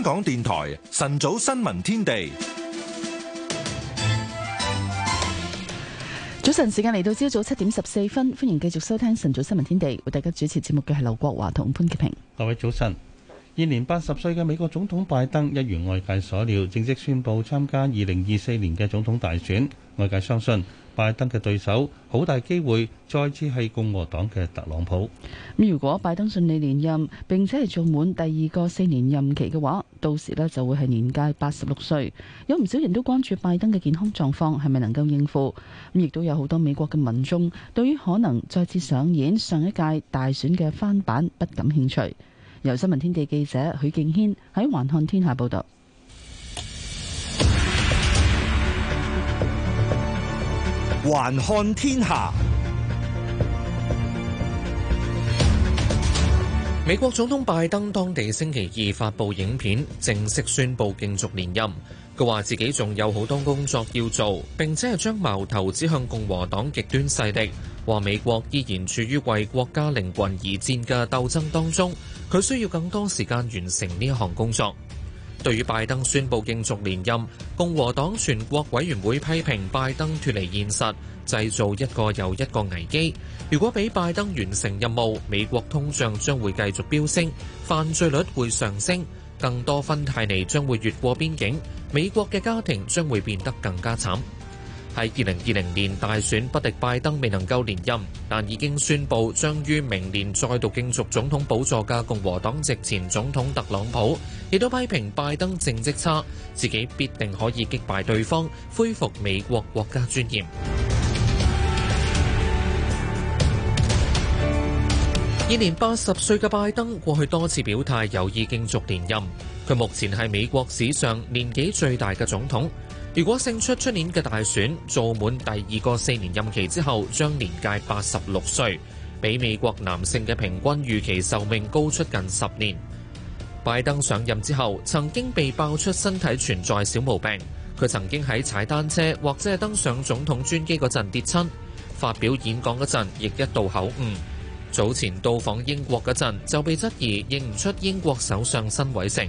香港電台晨早新聞天地，早晨時間嚟到朝早七點十四分，歡迎繼續收聽晨早新聞天地，為大家主持節目嘅係劉國華同潘潔平。各位早晨，現年八十歲嘅美國總統拜登，一如外界所料，正式宣布參加二零二四年嘅總統大選，外界相信。拜登嘅對手，好大機會再次係共和黨嘅特朗普。咁如果拜登順利連任並且係做滿第二個四年任期嘅話，到時咧就會係年屆八十六歲，有唔少人都關注拜登嘅健康狀況，係咪能夠應付。咁亦都有好多美國嘅民眾對於可能再次上演上一屆大選嘅翻版不感興趣。由新聞天地記者許敬軒喺環看天下報道。還看天下。美國總統拜登當地星期二發佈影片，正式宣布競逐連任。佢話自己仲有好多工作要做，並且係將矛頭指向共和黨極端勢力，話美國依然處於為國家靈魂而戰嘅鬥爭當中。佢需要更多時間完成呢一項工作。對於拜登宣布競逐連任，共和黨全國委員會批評拜登脫離現實，製造一個又一個危機。如果俾拜登完成任務，美國通脹將會繼續飆升，犯罪率會上升，更多芬太尼將會越過邊境，美國嘅家庭將會變得更加慘。喺二零二零年大選不敵拜登，未能夠連任，但已經宣布將於明年再度競逐總統寶座嘅共和黨籍前總統特朗普，亦都批評拜登政績差，自己必定可以擊敗對方，恢復美國國家尊嚴。現 年八十歲嘅拜登過去多次表態有意競逐連任，佢目前係美國史上年紀最大嘅總統。如果勝出出年嘅大選，做滿第二個四年任期之後，將年屆八十六歲，比美國男性嘅平均預期壽命高出近十年。拜登上任之後，曾經被爆出身體存在小毛病，佢曾經喺踩單車或者係登上總統專機嗰陣跌親，發表演講嗰陣亦一度口誤。早前到訪英國嗰陣，就被質疑認唔出英國首相辛偉誠。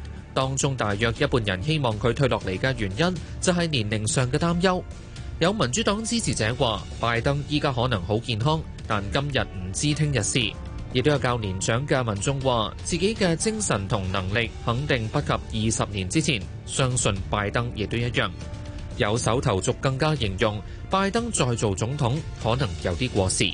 當中大約一半人希望佢退落嚟嘅原因就係年齡上嘅擔憂。有民主黨支持者話：拜登依家可能好健康，但今日唔知聽日事。亦都有較年長嘅民眾話：自己嘅精神同能力肯定不及二十年之前，相信拜登亦都一樣。有手頭族更加形容拜登再做總統可能有啲過時。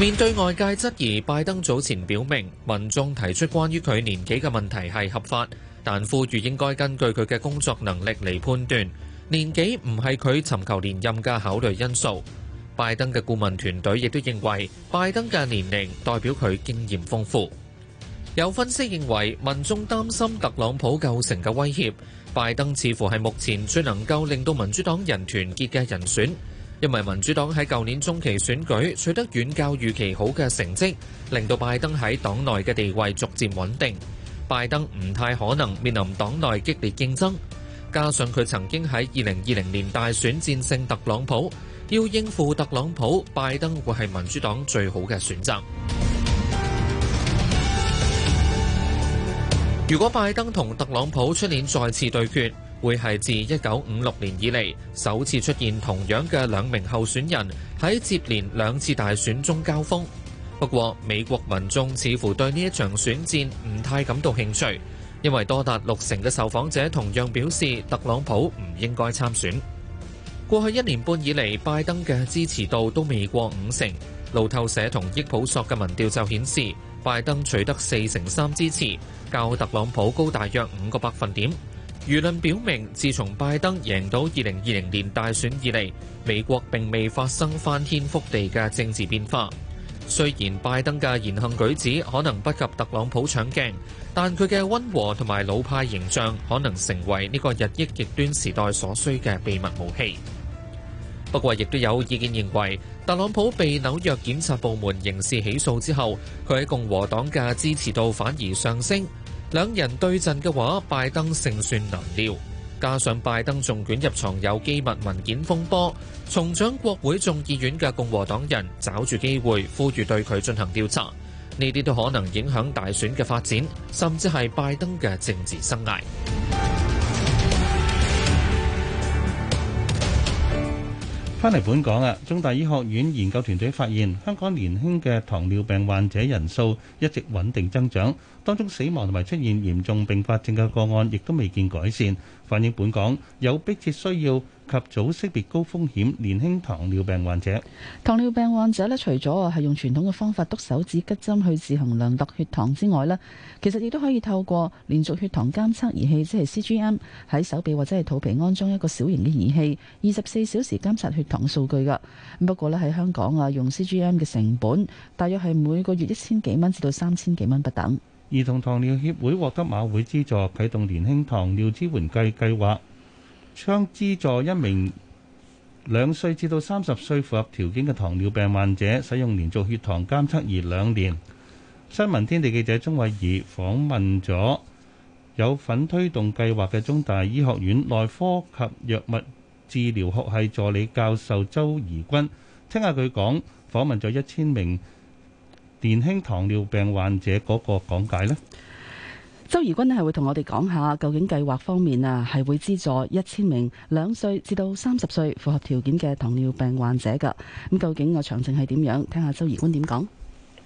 面對外界質疑，拜登早前表明，民眾提出關於佢年紀嘅問題係合法，但呼籲應該根據佢嘅工作能力嚟判斷，年紀唔係佢尋求連任嘅考慮因素。拜登嘅顧問團隊亦都認為，拜登嘅年齡代表佢經驗豐富。有分析認為，民眾擔心特朗普構成嘅威脅，拜登似乎係目前最能夠令到民主黨人團結嘅人選。因為民主黨喺舊年中期選舉取得遠較預期好嘅成績，令到拜登喺黨內嘅地位逐漸穩定。拜登唔太可能面臨黨內激烈競爭，加上佢曾經喺二零二零年大選戰勝特朗普，要應付特朗普，拜登會係民主黨最好嘅選擇。如果拜登同特朗普出年再次對決，會係自一九五六年以嚟首次出現同樣嘅兩名候選人喺接連兩次大選中交鋒。不過，美國民眾似乎對呢一場選戰唔太感到興趣，因為多達六成嘅受訪者同樣表示特朗普唔應該參選。過去一年半以嚟，拜登嘅支持度都未過五成。路透社同益普索嘅民調就顯示，拜登取得四成三支持，較特朗普高大約五個百分點。輿論表明，自從拜登贏到二零二零年大選以嚟，美國並未發生翻天覆地嘅政治變化。雖然拜登嘅言行舉止可能不及特朗普搶鏡，但佢嘅溫和同埋老派形象，可能成為呢個日益極端時代所需嘅秘密武器。不過，亦都有意見認為，特朗普被紐約檢察部門刑事起訴之後，佢喺共和黨嘅支持度反而上升。兩人對陣嘅話，拜登勝算難料。加上拜登仲捲入藏有機密文件風波，重掌國會眾議院嘅共和黨人找住機會呼籲對佢進行調查，呢啲都可能影響大選嘅發展，甚至係拜登嘅政治生涯。翻嚟本港啊，中大醫學院研究團隊發現，香港年輕嘅糖尿病患者人數一直穩定增長。當中死亡同埋出現嚴重併發症嘅個案，亦都未見改善，反映本港有迫切需要及早識別高風險年輕糖尿病患者。糖尿病患者咧，除咗啊係用傳統嘅方法篤手指吉針去自行量度血糖之外咧，其實亦都可以透過連續血糖監測儀器，即係 CGM，喺手臂或者係肚皮安裝一個小型嘅儀器，二十四小時監察血糖數據㗎。不過咧，喺香港啊，用 CGM 嘅成本大約係每個月一千幾蚊至到三千幾蚊不等。兒童糖尿協會獲得馬會資助，啟動年輕糖尿支援計計劃，將資助一名兩歲至到三十歲符合條件嘅糖尿病患者使用連續血糖監測儀兩年。新聞天地記者鍾慧儀訪問咗有份推動計劃嘅中大醫學院內科及藥物治療學系助理教授周怡君，聽下佢講。訪問咗一千名。年輕糖尿病患者嗰個講解呢，周宜君呢係會同我哋講下究竟計劃方面啊係會資助一千名兩歲至到三十歲符合條件嘅糖尿病患者㗎。咁究竟個詳情係點樣？聽下周宜君點講。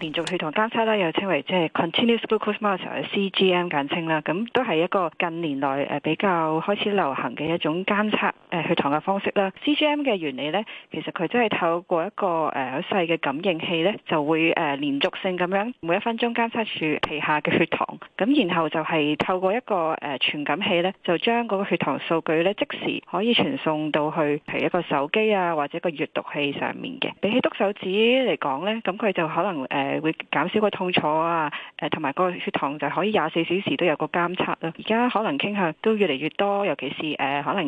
連續血糖監測咧，又稱為即係 continuous glucose monitor，C G M 簡稱啦。咁都係一個近年來誒比較開始流行嘅一種監測誒血糖嘅方式啦。C G M 嘅原理咧，其實佢即係透過一個好細嘅感應器咧，就會誒連續性咁樣每一分鐘監測住皮下嘅血糖。咁然後就係透過一個誒傳感器咧，就將嗰個血糖數據咧，即時可以傳送到去譬如一個手機啊或者個閲讀器上面嘅。比起篤手指嚟講咧，咁佢就可能誒。誒會減少個痛楚啊。誒同埋個血糖就可以廿四小時都有個監測啦、啊。而家可能傾向都越嚟越多，尤其是誒、呃、可能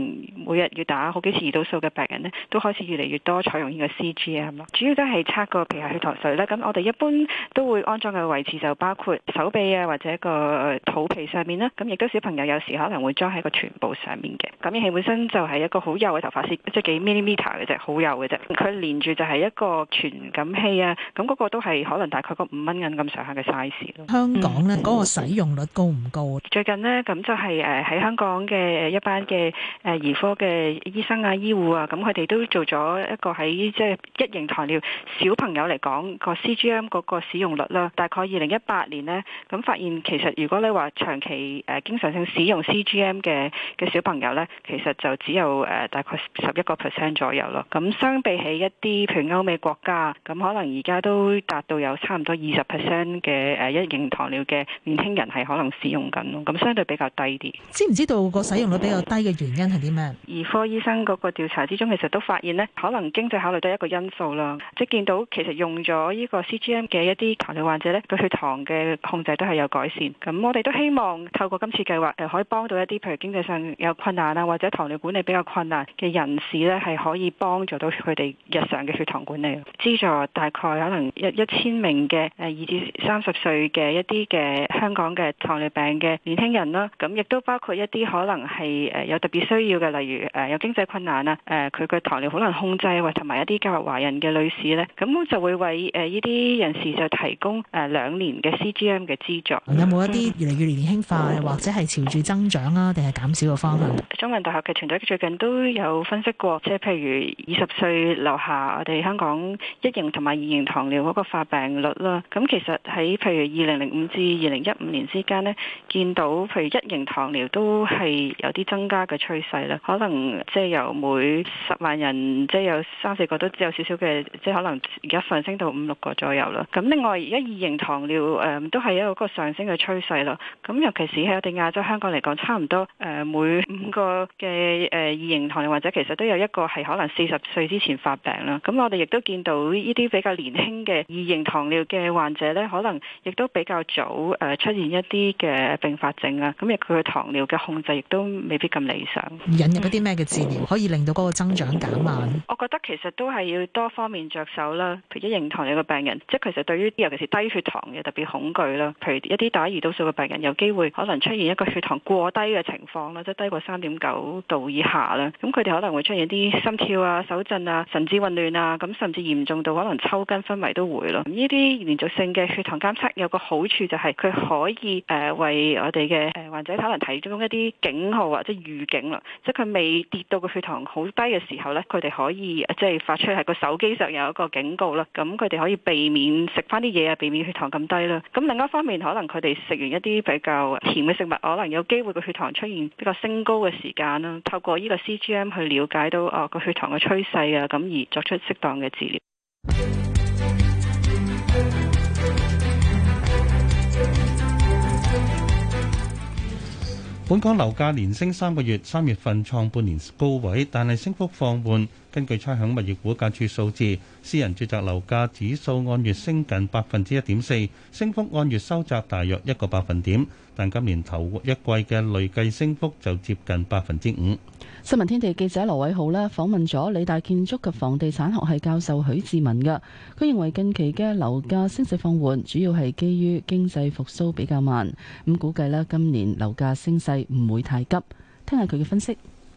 每日要打好幾次胰島素嘅病人呢，都開始越嚟越多採用呢個 CGM 咯、啊。主要都係測個皮下血糖水啦。咁我哋一般都會安裝嘅位置就包括手臂啊或者個、呃、肚皮上面啦、啊。咁亦都小朋友有時可能會裝喺個臀部上面嘅。咁感應器本身就係一個好幼嘅頭髮絲，即、就、係、是、幾 millimeter 嘅啫，好幼嘅啫。佢連住就係一個傳感器啊。咁嗰個都係可能。大概個五蚊銀咁上下嘅 size。香港呢嗰、嗯、個使用率高唔高啊？最近呢，咁就係誒喺香港嘅一班嘅誒兒科嘅醫生啊、醫護啊，咁佢哋都做咗一個喺即係一型糖尿小朋友嚟講，個 CGM 嗰個使用率啦。大概二零一八年呢，咁發現其實如果你話長期誒經常性使用 CGM 嘅嘅小朋友呢，其實就只有誒大概十一個 percent 左右咯。咁相比起一啲譬如歐美國家，咁可能而家都達到有。差唔多二十 percent 嘅，誒一型糖尿嘅年輕人係可能使用緊咯，咁相對比較低啲。知唔知道個使用率比較低嘅原因係啲咩？兒科醫生嗰個調查之中，其實都發現咧，可能經濟考慮都係一個因素啦。即係見到其實用咗呢個 CGM 嘅一啲糖尿患者咧，對血糖嘅控制都係有改善。咁我哋都希望透過今次計劃誒可以幫到一啲譬如經濟上有困難啊，或者糖尿管理比較困難嘅人士咧，係可以幫助到佢哋日常嘅血糖管理。資助大概可能一一千。明嘅誒二至三十歲嘅一啲嘅香港嘅糖尿病嘅年輕人啦，咁亦都包括一啲可能係誒有特別需要嘅，例如誒有經濟困難啊，誒佢嘅糖尿可能控制或同埋一啲教育懷孕嘅女士咧，咁就會為誒呢啲人士就提供誒兩年嘅 CGM 嘅資助。有冇一啲越嚟越年輕化或者係朝住增長啊，定係減少嘅方向？中文大學嘅團隊最近都有分析過，即係譬如二十歲以下我哋香港一型同埋二型糖尿嗰個發病率啦，咁其實喺譬如二零零五至二零一五年之間呢，見到譬如一型糖尿都係有啲增加嘅趨勢啦，可能即係由每十萬人即係、就是、有三四個都只有少少嘅，即、就、係、是、可能而家上升到五六個左右啦。咁另外而家二型糖尿病都係一個上升嘅趨勢啦。咁尤其是喺我哋亞洲香港嚟講，差唔多誒每五個嘅誒二型糖尿病或者其實都有一個係可能四十歲之前發病啦。咁我哋亦都見到呢啲比較年輕嘅二型糖尿糖尿嘅患者咧，可能亦都比較早誒出現一啲嘅併發症啊。咁亦佢嘅糖尿嘅控制亦都未必咁理想。引入一啲咩嘅治療、嗯、可以令到嗰個增長減慢？我覺得其實都係要多方面着手啦。譬如一型糖尿嘅病人，即係其實對於尤其是低血糖嘅特別恐懼啦。譬如一啲打胰島素嘅病人，有機會可能出現一個血糖過低嘅情況啦，即係低過三點九度以下啦。咁佢哋可能會出現啲心跳啊、手震啊、神志混亂啊，咁甚至嚴重到可能抽筋、昏迷都會咯。呢啲啲連續性嘅血糖監測有個好處就係佢可以誒、呃、為我哋嘅誒患者可能提供一啲警號或者預警啦，即係佢未跌到個血糖好低嘅時候呢，佢哋可以即係發出喺個手機上有一個警告啦，咁佢哋可以避免食返啲嘢啊，避免血糖咁低啦。咁另一方面可能佢哋食完一啲比較甜嘅食物，可能有機會個血糖出現比較升高嘅時間啦。透過呢個 CGM 去了解到哦個血糖嘅趨勢啊，咁而作出適當嘅治療。本港樓價連升三個月，三月份創半年高位，但係升幅放緩。根據差餉物業估價處數字，私人住宅樓價指數按月升近百分之一點四，升幅按月收窄大約一個百分點，但今年頭一季嘅累計升幅就接近百分之五。新聞天地記者羅偉浩咧訪問咗理大建築及房地產學系教授許智文嘅，佢認為近期嘅樓價升勢放緩，主要係基於經濟復甦比較慢，咁估計咧今年樓價升勢唔會太急。聽下佢嘅分析。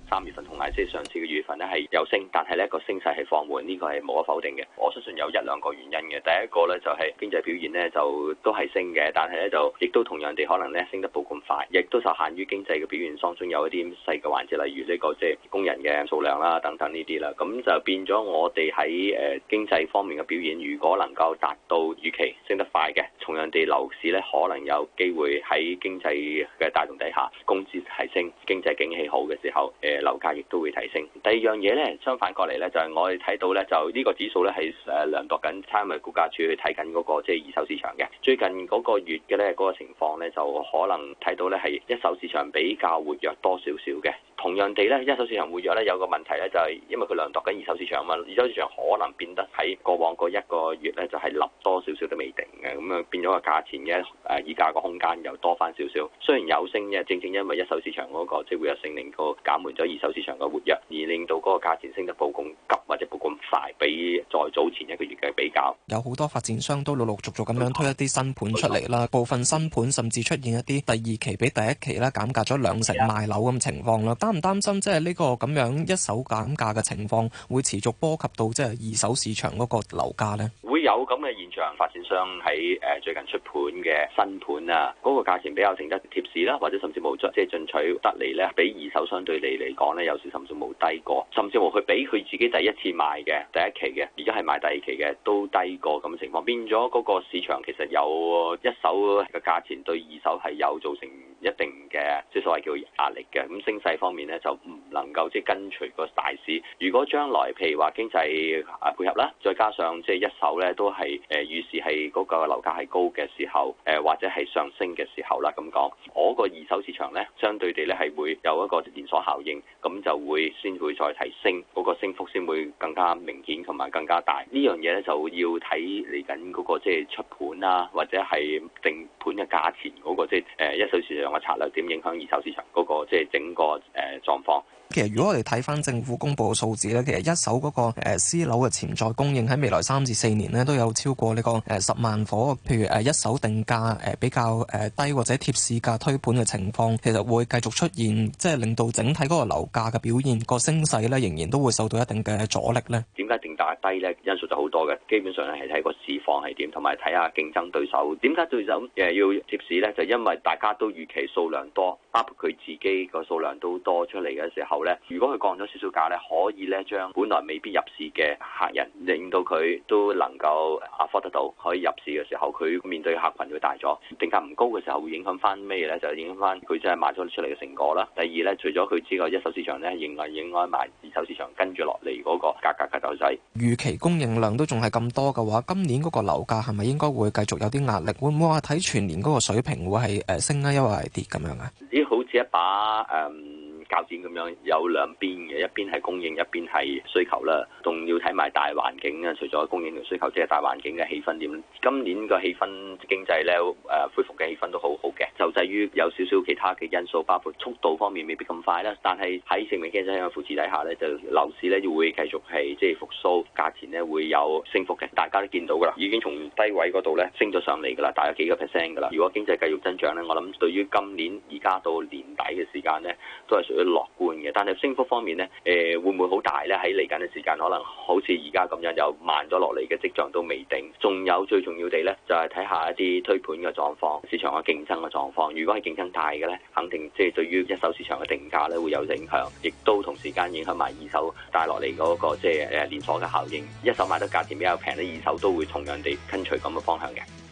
三月份同埋即係上次嘅月份咧係有升，但係咧個升勢係放緩，呢個係無可否定嘅。我相信有一兩個原因嘅。第一個咧就係經濟表現咧就都係升嘅，但係咧就亦都同樣地可能咧升得冇咁快，亦都受限於經濟嘅表現上，當中有一啲細嘅環節，例如呢個即係工人嘅數量啦等等呢啲啦。咁就變咗我哋喺誒經濟方面嘅表現。如果能夠達到預期升得快嘅，同樣地樓市咧可能有機會喺經濟嘅帶動底下工資提升，經濟景氣好嘅時候誒。呃樓價亦都會提升。第二樣嘢咧，相反過嚟咧，就係、是、我哋睇到咧，就呢個指數咧係誒量度緊，差唔多係估價處去睇緊嗰個即係二手市場嘅。最近嗰個月嘅呢嗰、那個情況呢就可能睇到呢係一手市場比較活躍多少少嘅。同樣地咧，一手市場活躍咧，有個問題咧，就係因為佢量度緊二手市場啊嘛，二手市場可能變得喺過往個一個月咧，就係立多少少都未定嘅，咁樣變咗個價錢嘅誒議價個空間又多翻少少。雖然有升嘅，正正因為一手市場嗰個即係會有性令個減緩咗二手市場嘅活躍，而令到嗰個價錢升得冇咁急或者冇咁快，比再早前一個月嘅比較。有好多發展商都陸陸續續咁樣推一啲新盤出嚟啦，部分新盤甚至出現一啲第二期比第一期咧減價咗兩成賣樓咁情況囉。擔唔擔心，即係呢、這個咁樣一手減價嘅情況會持續波及到即係二手市場嗰個樓價呢？有咁嘅現象，發展商喺誒最近出盤嘅新盤啊，嗰、嗰個價錢比較成得貼市啦，或者甚至冇進即係進取得利咧，比二手商對你嚟講咧，有時甚至冇低過，甚至乎佢俾佢自己第一次賣嘅第一期嘅，而家係賣第二期嘅都低過咁情況，變咗嗰個市場其實有一手嘅價錢對二手係有造成一定嘅即係所謂叫壓力嘅。咁升勢方面咧就唔能夠即係跟隨個大市。如果將來譬如話經濟配合啦，再加上即係一手咧。都係誒，於是係嗰個樓價係高嘅時候，誒或者係上升嘅時候啦，咁講，我個二手市場呢，相對地咧係會有一個連鎖效應，咁就會先會再提升，嗰個升幅先會更加明顯同埋更加大。呢樣嘢呢，就要睇嚟緊嗰個即係出盤啊，或者係定盤嘅價錢嗰個即係誒一手市場嘅策略點影響二手市場嗰個即係整個誒狀況。其實如果我哋睇翻政府公布嘅數字咧，其實一手嗰個誒私樓嘅潛在供應喺未來三至四年咧，都有超過呢個誒十萬伙，譬如，誒一手定價誒比較誒低或者貼市價推盤嘅情況，其實會繼續出現，即係令到整體嗰個樓價嘅表現個升勢咧，仍然都會受到一定嘅阻力咧。點解定價低咧？因素就好多嘅，基本上係睇個市況係點，同埋睇下競爭對手。點解對手誒要貼市咧？就因為大家都預期數量多，包括佢自己個數量都多出嚟嘅時候。如果佢降咗少少價咧，可以咧將本來未必入市嘅客人，令到佢都能夠 afford 得到可以入市嘅時候，佢面對客群會大咗。定價唔高嘅時候，會影響翻咩咧？就影響翻佢真係賣咗出嚟嘅成果啦。第二咧，除咗佢只係一手市場咧，仍然影響埋二手市場跟住落嚟嗰個價格嘅走勢。預期供應量都仲係咁多嘅話，今年嗰個樓價係咪應該會繼續有啲壓力？會唔會話睇全年嗰個水平會係誒升啊，抑或係跌咁樣啊？呢好似一把誒。嗯交戰咁樣有兩邊嘅，一邊係供應，一邊係需求啦。仲要睇埋大環境啊！除咗供應同需求，即係大環境嘅氣氛點？今年個氣氛經濟咧誒恢復嘅氣氛都好好嘅，就至於有少少其他嘅因素，包括速度方面未必咁快啦。但係喺成名經濟嘅扶持底下咧，就樓市咧就會繼續係即係復甦，價錢咧會有升幅嘅。大家都見到㗎啦，已經從低位嗰度咧升咗上嚟㗎啦，大約幾個 percent 㗎啦。如果經濟繼續增長咧，我諗對於今年而家到年底嘅時間咧，都係。佢樂觀嘅，但係升幅方面呢，誒會唔會好大呢？喺嚟緊嘅時間，可能好似而家咁樣又慢咗落嚟嘅跡象都未定。仲有最重要地呢，就係睇下一啲推盤嘅狀況、市場嘅競爭嘅狀況。如果係競爭大嘅呢，肯定即係對於一手市場嘅定價呢會有影響，亦都同時間影響埋二手帶落嚟嗰個即係誒連鎖嘅效應。一手賣得價錢比較平，啲二手都會同樣地跟隨咁嘅方向嘅。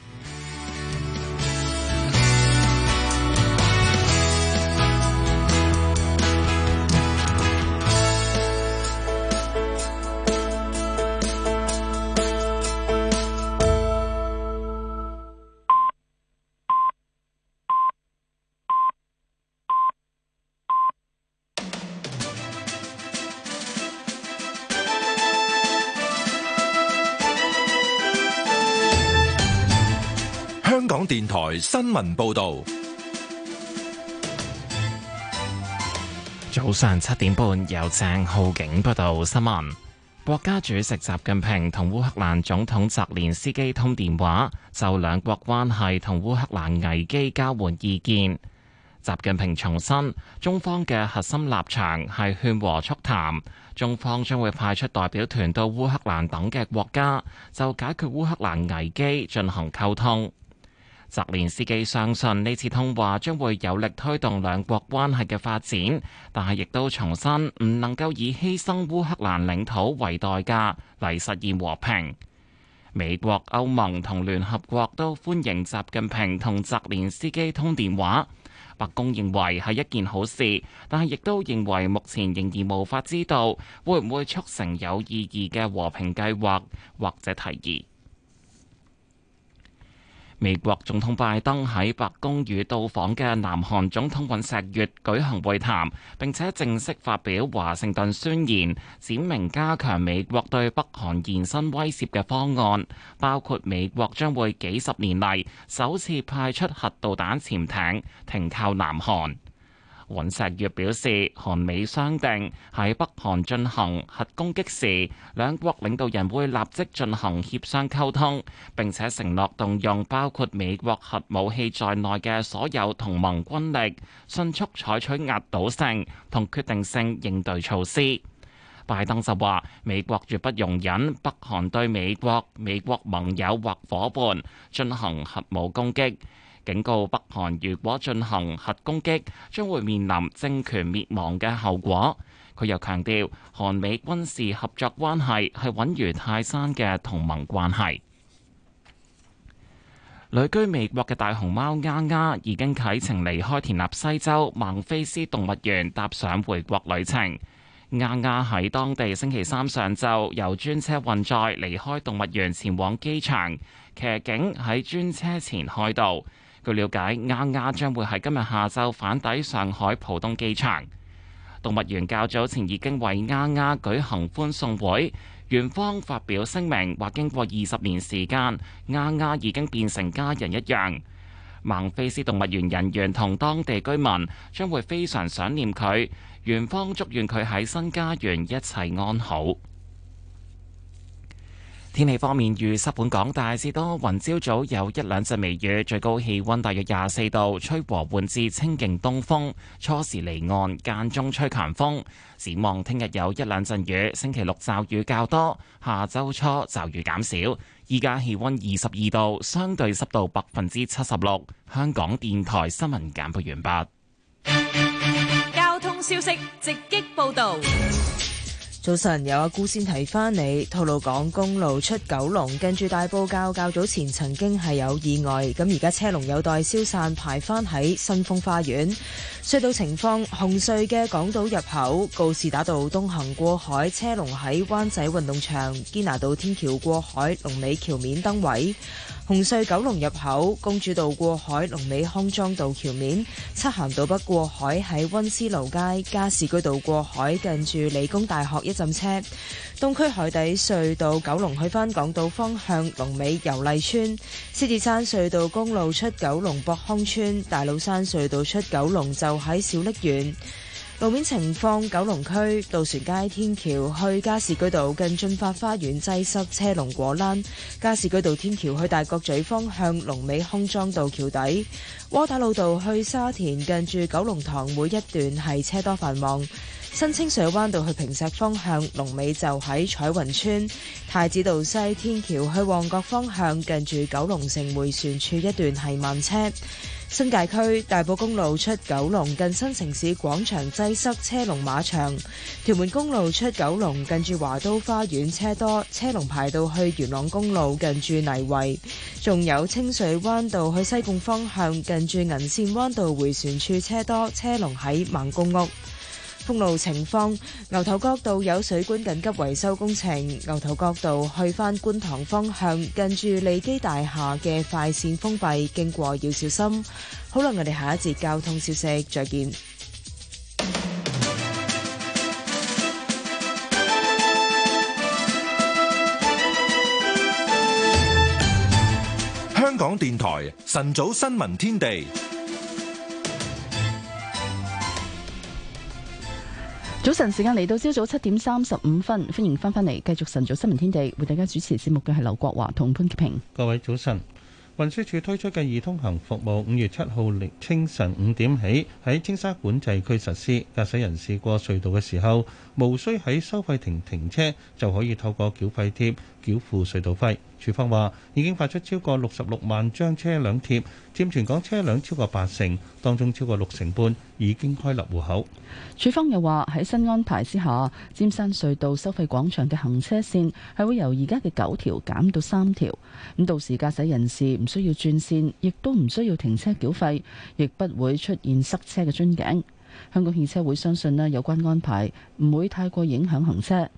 台新聞報道，早上七點半由鄭浩景報道新聞。國家主席習近平同烏克蘭總統澤連斯基通電話，就兩國關係同烏克蘭危機交換意見。習近平重申，中方嘅核心立場係勸和促談，中方將會派出代表團到烏克蘭等嘅國家，就解決烏克蘭危機進行溝通。澤連斯基相信呢次通話將會有力推動兩國關係嘅發展，但係亦都重申唔能夠以犧牲烏克蘭領土為代價嚟實現和平。美國、歐盟同聯合國都歡迎習近平同澤連斯基通電話，白宮認為係一件好事，但係亦都認為目前仍然無法知道會唔會促成有意義嘅和平計劃或者提議。美國總統拜登喺白宮與到訪嘅南韓總統尹錫悅舉行會談，並且正式發表華盛頓宣言，展明加強美國對北韓延伸威懾嘅方案，包括美國將會幾十年嚟首次派出核導彈潛艇停靠南韓。尹錫悅表示，韓美商定喺北韓進行核攻擊時，兩國領導人會立即進行協商溝通，並且承諾動用包括美國核武器在內嘅所有同盟軍力，迅速採取壓倒性同決定性應對措施。拜登就話：美國絕不容忍北韓對美國、美國盟友或伙伴進行核武攻擊。警告北韓，如果進行核攻擊，將會面臨政權滅亡嘅後果。佢又強調，韓美軍事合作關係係穩如泰山嘅同盟關係。 旅居美國嘅大熊貓丫丫已經啟程離開田納西州孟菲斯動物園，踏上回國旅程。丫丫喺當地星期三上晝由專車運載離開動物園，前往機場。騎警喺專車前開道。據了解，丫丫將會喺今日下晝返抵上海浦東機場。動物園較早前已經為丫丫舉，舉行歡送會，園方發表聲明話，經過二十年時間，丫丫已經變成家人一樣。孟菲斯動物園人員同當地居民將會非常想念佢，園方祝願佢喺新家園一切安好。天氣方面，預濕本港大致多雲，朝早有一兩陣微雨，最高氣溫大約廿四度，吹和緩至清勁東風，初時離岸，間中吹強風。展望聽日有一兩陣雨，星期六驟雨較多，下周初驟雨減少。依家氣溫二十二度，相對濕度百分之七十六。香港電台新聞簡報完畢。交通消息直擊報道。早晨，有阿姑先提翻你，吐露港公路出九龍，跟住大埔滘，較早前曾經係有意外，咁而家車龍有待消散，排翻喺新豐花園隧道情況，紅隧嘅港島入口告士打道東行過海車龍喺灣仔運動場堅拿道天橋過海龍尾橋面燈位。紅隧九龍入口，公主道過海，龍尾康莊道橋面；漆咸道北過海喺溫思勞街，加士居道過海近住理工大學一陣車。東區海底隧道九龍去返港島方向，龍尾油麗邨；獅子山隧道公路出九龍博康邨，大老山隧道出九龍就喺小瀝源。路面情況：九龍區渡船街天橋去加士居道近駿發花園擠塞車龍過果欄；加士居道天橋去大角咀方向龍尾空裝道橋底；窩打老道去沙田近住九龍塘每一段係車多繁忙；新清水灣道去坪石方向龍尾就喺彩雲村，太子道西天橋去旺角方向近住九龍城迴旋處一段係慢車。新界區大埔公路出九龍近新城市廣場擠塞車龍馬場，屯門公路出九龍近住華都花園車多車龍排到去元朗公路近住泥圍，仲有清水灣道去西貢方向近住銀線灣道迴旋處車多車龍喺孟公屋。封路情況，牛頭角道有水管緊急維修工程。牛頭角道去翻觀塘方向，近住利基大廈嘅快線封閉，經過要小心。好啦，我哋下一節交通消息再見。香港電台晨早新聞天地。早晨時間，嚟到朝早七點三十五分，歡迎翻返嚟繼續晨早新聞天地，為大家主持節目嘅係劉國華同潘潔平。各位早晨，運輸署推出嘅易通行服務，五月七號凌晨，五點起喺青沙管制區實施。駕駛人士過隧道嘅時候，無需喺收費亭停、停車，就可以透過繳費貼繳付隧道費。署方話已經發出超過六十六萬張車輛貼，佔全港車輛超過八成，當中超過六成半已經開立戶口。署方又話喺新安排之下，尖山隧道收費廣場嘅行車線係會由而家嘅九條減到三條，咁到時駕駛人士唔需要轉線，亦都唔需要停車繳費，亦不會出現塞車嘅樽頸。香港汽車會相信咧有關安排唔會太過影響行車。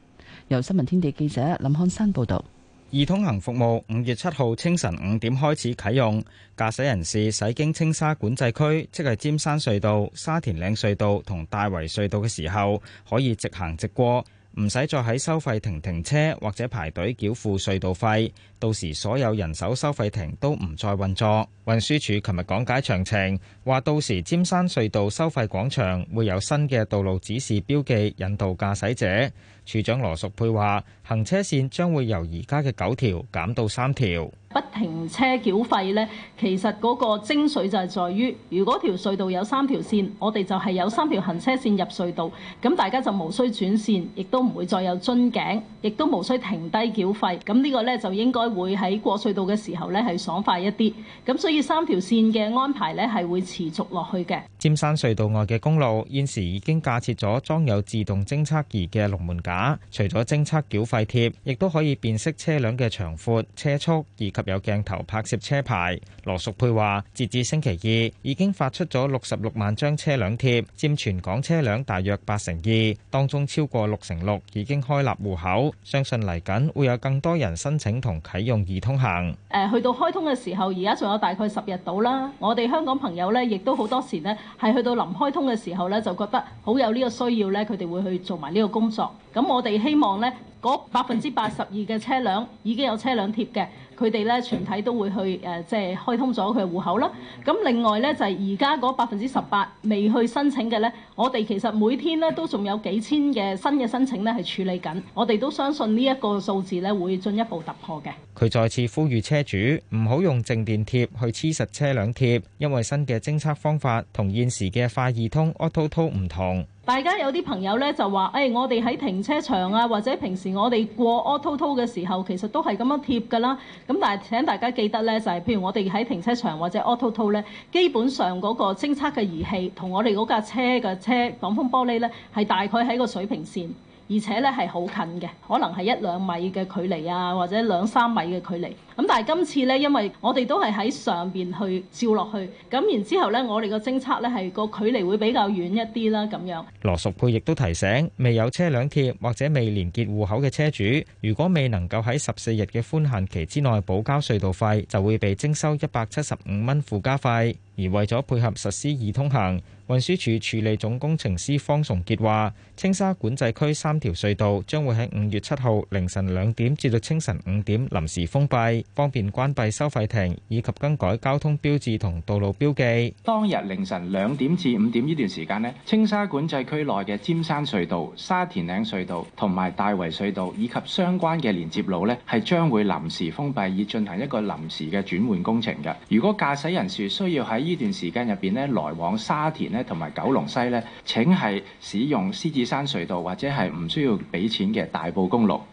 由新聞天地記者林漢山報導。易通行服務五月七號清晨五點開始啟用，駕駛人士駛經青沙管制區，即係尖山隧道、沙田嶺隧道同大圍隧道嘅時候，可以直行直過，唔使再喺收費亭停車或者排隊繳付隧道費。到時所有人手收費亭都唔再運作。運輸署琴日講解詳情，話到時尖山隧道收費廣場會有新嘅道路指示標記，引導駕駛者。署長羅淑佩話：行車線將會由而家嘅九條減到三條。不停車繳費呢，其實嗰個精髓就係在於，如果條隧道有三條線，我哋就係有三條行車線入隧道，咁大家就無需轉線，亦都唔會再有樽頸，亦都無需停低繳費。咁呢個呢，就應該會喺過隧道嘅時候呢係爽快一啲。咁所以三條線嘅安排呢係會持續落去嘅。尖山隧道外嘅公路現時已經架設咗裝有自動偵測儀嘅龍門架。除咗偵測繳費貼，亦都可以辨識車輛嘅長闊、車速，以及有鏡頭拍攝車牌。羅淑佩話，截至星期二已經發出咗六十六萬張車輛貼，佔全港車輛大約八成二，當中超過六成六已經開立戶口。相信嚟緊會有更多人申請同啟用易通行。誒，去到開通嘅時候，而家仲有大概十日到啦。我哋香港朋友呢，亦都好多時呢係去到臨開通嘅時候呢，就覺得好有呢個需要，呢佢哋會去做埋呢個工作。咁我哋希望呢，嗰百分之八十二嘅車輛已經有車輛貼嘅，佢哋咧全體都會去誒，即係開通咗佢戶口啦。咁另外呢，就係而家嗰百分之十八未去申請嘅呢，我哋其實每天呢都仲有幾千嘅新嘅申請呢係處理緊，我哋都相信呢一個數字呢會進一步突破嘅。佢再次呼籲車主唔好用靜電貼去黐實車輛貼，因為新嘅偵測方法同現時嘅快易通 Autotoll 唔同。大家有啲朋友呢就話，誒、哎，我哋喺停車場啊，或者平時。我哋過 Autotoll 嘅時候，其實都係咁樣貼㗎啦。咁但係請大家記得咧，就係譬如我哋喺停車場或者 Autotoll 咧，基本上嗰個偵測嘅儀器同我哋嗰架車嘅車擋風玻璃咧，係大概喺個水平線。而且呢，係好近嘅，可能係一兩米嘅距離啊，或者兩三米嘅距離。咁但係今次呢，因為我哋都係喺上邊去照落去，咁然之後呢，我哋個偵測呢，係個距離會比較遠一啲啦，咁樣。羅淑佩亦都提醒，未有車輛貼或者未連結戶口嘅車主，如果未能夠喺十四日嘅寬限期之內補交隧道費，就會被徵收一百七十五蚊附加費。而為咗配合實施易通行。運輸署處處理總工程師方崇傑話，青沙管制區三條隧道將會喺五月七號凌晨兩點至到清晨五點臨時封閉，方便關閉收費亭以及更改交通標誌同道路標記。當日凌晨兩點至五點呢段時間呢，青沙管制區內嘅尖山隧道、沙田嶺隧道同埋大圍隧道以及相關嘅連接路呢，係將會臨時封閉，以進行一個臨時嘅轉換工程嘅。如果駕駛人士需要喺呢段時間入邊呢來往沙田同埋九龍西咧，請係使用獅子山隧道或者係唔需要俾錢嘅大埔公路。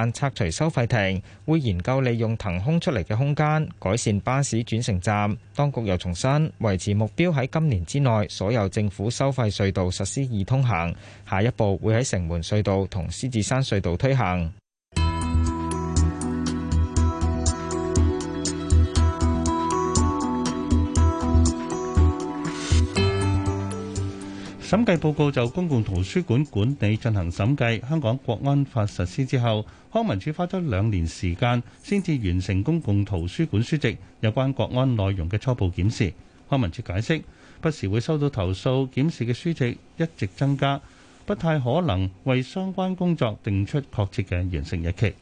但拆除收費亭，會研究利用騰空出嚟嘅空間改善巴士轉乘站。當局又重申，維持目標喺今年之內，所有政府收費隧道實施易通行。下一步會喺城門隧道同獅子山隧道推行。審計報告就公共圖書館管理進行審計。香港國安法實施之後，康文署花咗兩年時間，先至完成公共圖書館書籍有關國安內容嘅初步檢視。康文署解釋，不時會收到投訴，檢視嘅書籍一直增加。不太可能為相關工作定出確切嘅完成日期。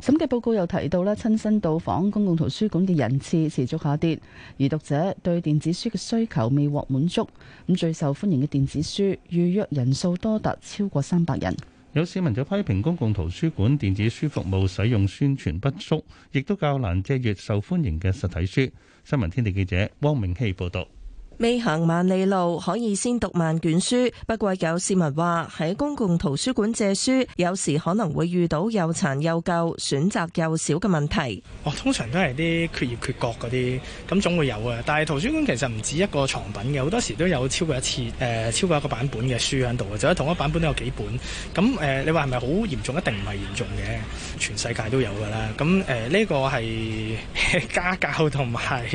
審計報告又提到咧，親身到訪公共圖書館嘅人次持續下跌，而讀者對電子書嘅需求未獲滿足。咁最受歡迎嘅電子書預約人數多達超過三百人。有市民就批評公共圖書館電子書服務使用宣傳不足，亦都較難借閱受歡迎嘅實體書。新聞天地記者汪明熙報道。未行萬里路，可以先讀萬卷書。不過有市民話喺公共圖書館借書，有時可能會遇到又殘又舊、選擇又少嘅問題。哦，通常都係啲缺頁、缺角嗰啲，咁總會有啊。但係圖書館其實唔止一個藏品嘅，好多時都有超過一次、誒、呃、超過一個版本嘅書喺度嘅，就喺同一版本都有幾本。咁誒、呃，你話係咪好嚴重？一定唔係嚴重嘅，全世界都有㗎啦。咁誒，呢、呃呢個係家教同埋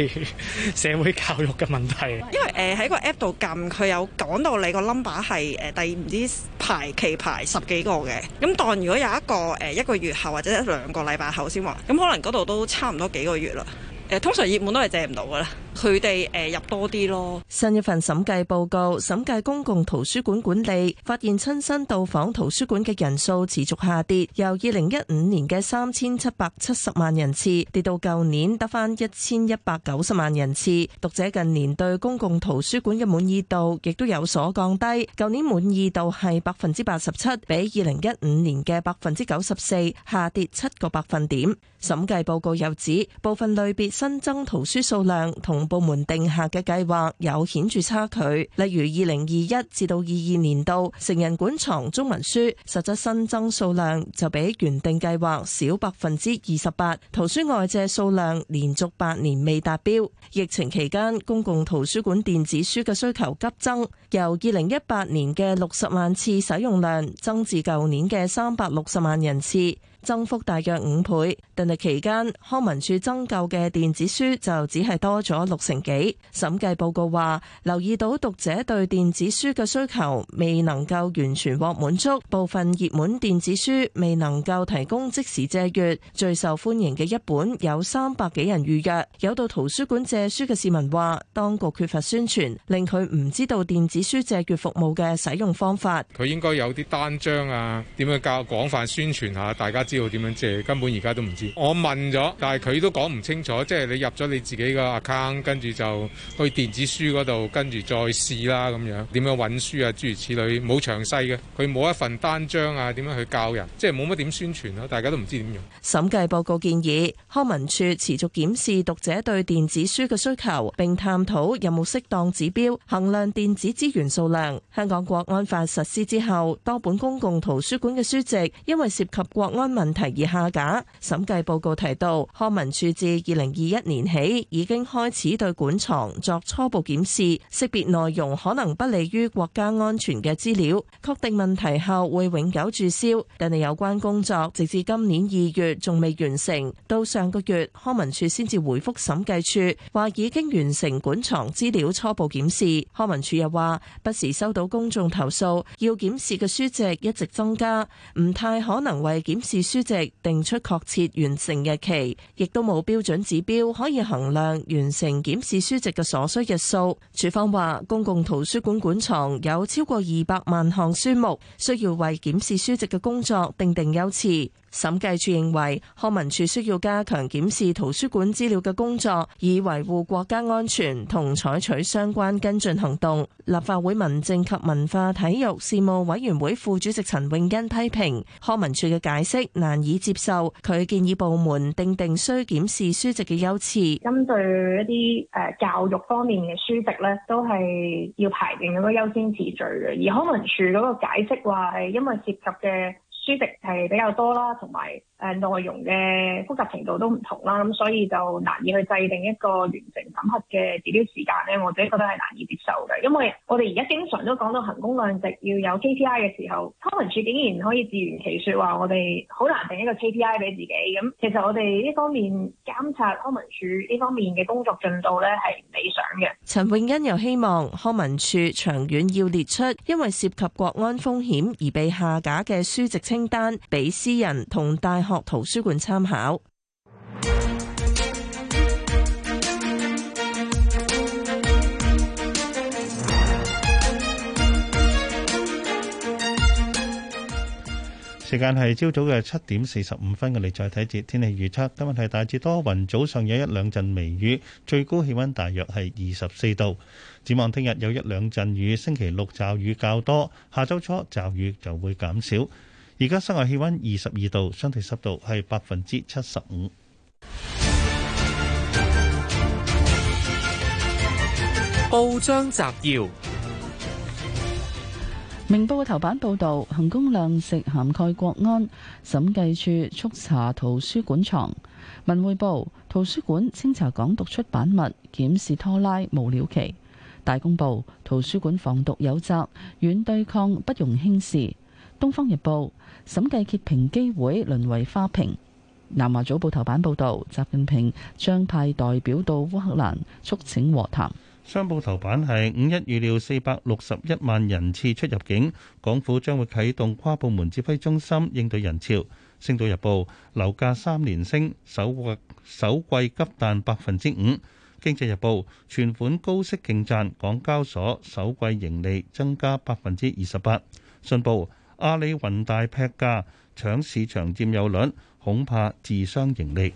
社會教育嘅問題。因為誒喺、呃、個 app 度撳，佢有講到你個 number 係誒、呃、第唔知排期排十幾個嘅。咁當如果有一個誒、呃、一個月後或者一兩個禮拜後先話，咁可能嗰度都差唔多幾個月啦。誒、呃、通常熱門都係借唔到㗎啦。佢哋誒入多啲咯。新一份審計報告審計公共圖書館管理，發現親身到訪圖書館嘅人數持續下跌，由二零一五年嘅三千七百七十萬人次跌到舊年得翻一千一百九十萬人次。讀者近年對公共圖書館嘅滿意度亦都有所降低，舊年滿意度係百分之八十七，比二零一五年嘅百分之九十四下跌七個百分點。審計報告又指，部分類別新增圖書數量同。部門定下嘅計劃有顯著差距，例如二零二一至到二二年度成人館藏中文書實質新增數量就比原定計劃少百分之二十八，圖書外借數量連續八年未達標。疫情期間，公共圖書館電子書嘅需求急增，由二零一八年嘅六十萬次使用量增至舊年嘅三百六十萬人次。增幅大約五倍。但係期間，康文署增購嘅電子書就只係多咗六成幾。審計報告話，留意到讀者對電子書嘅需求未能夠完全獲滿足，部分熱門電子書未能夠提供即時借閱。最受歡迎嘅一本有三百幾人預約。有到圖書館借書嘅市民話，當局缺乏宣傳，令佢唔知道電子書借閱服務嘅使用方法。佢應該有啲單張啊，點樣較廣泛宣傳下，大家知。要點樣借根本而家都唔知，我問咗，但係佢都講唔清楚。即係你入咗你自己個 account，跟住就去電子書嗰度，跟住再試啦咁樣。點樣揾書啊？諸如此類，冇詳細嘅。佢冇一份單張啊，點樣去教人？即係冇乜點宣傳咯，大家都唔知點用。審計報告建議康文署持續檢視讀者對電子書嘅需求，並探討有冇適當指標衡量電子資源數量。香港國安法實施之後，多本公共圖書館嘅書籍因為涉及國安文。問題而下架。審計報告提到，康文署自二零二一年起已經開始對館藏作初步檢視，識別內容可能不利於國家安全嘅資料，確定問題後會永久註銷。但係有關工作直至今年二月仲未完成，到上個月康文署先至回覆審計處，話已經完成館藏資料初步檢視。康文署又話不時收到公眾投訴，要檢視嘅書籍一直增加，唔太可能為檢視。書籍定出確切完成日期，亦都冇標準指標可以衡量完成檢視書籍嘅所需日數。署方話，公共圖書館館藏有超過二百萬項書目，需要為檢視書籍嘅工作定定優次。審計署認為康文署需要加強檢視圖書館資料嘅工作，以維護國家安全同採取相關跟進行動。立法會民政及文化體育事務委員會副主席陳永恩批評康文署嘅解釋難以接受，佢建議部門定定需檢視書籍嘅優次，針對一啲誒教育方面嘅書籍咧，都係要排定一個優先次序嘅，而康文署嗰個解釋話係因為涉及嘅。書籍係比較多啦，同埋，誒內容嘅複雜程度都唔同啦，咁所以就難以去制定一個完整審核嘅目標時間咧，我自己覺得係難以接受嘅。因為我哋而家經常都講到行工量值要有 KPI 嘅時候，康文署竟然可以自圓其説話，說我哋好難定一個 KPI 俾自己。咁其實我哋呢方面監察康文署呢方面嘅工作進度咧係唔理想嘅。陳永恩又希望康文署長遠要列出因為涉及國安風險而被下架嘅書籍清單，俾私人同大學圖書館參考。時間係朝早嘅七點四十五分嘅，我哋再睇一節天氣預測。今日係大致多雲，早上有一兩陣微雨，最高氣溫大約係二十四度。展望聽日有一兩陣雨，星期六驟雨較多，下周初驟雨就會減少。而家室外氣溫二十二度，相對濕度係百分之七十五。報章摘要：明報嘅頭版報導，衡工量值涵蓋國安審計處速查圖書館藏。文匯報：圖書館清查港獨出版物，檢視拖拉無了期。大公報：圖書館防毒有責，軟對抗不容輕視。東方日報審計揭評機會淪為花瓶。南華早報頭版報道，習近平將派代表到烏克蘭促請和談。商報頭版係五一預料四百六十一萬人次出入境，港府將會啟動跨部門指揮中心應對人潮。星島日報樓價三連升，首季首季急彈百分之五。經濟日報存款高息勁賺，港交所首季盈利增加百分之二十八。信報。阿里雲大劈價搶市場佔有率，恐怕自傷盈利。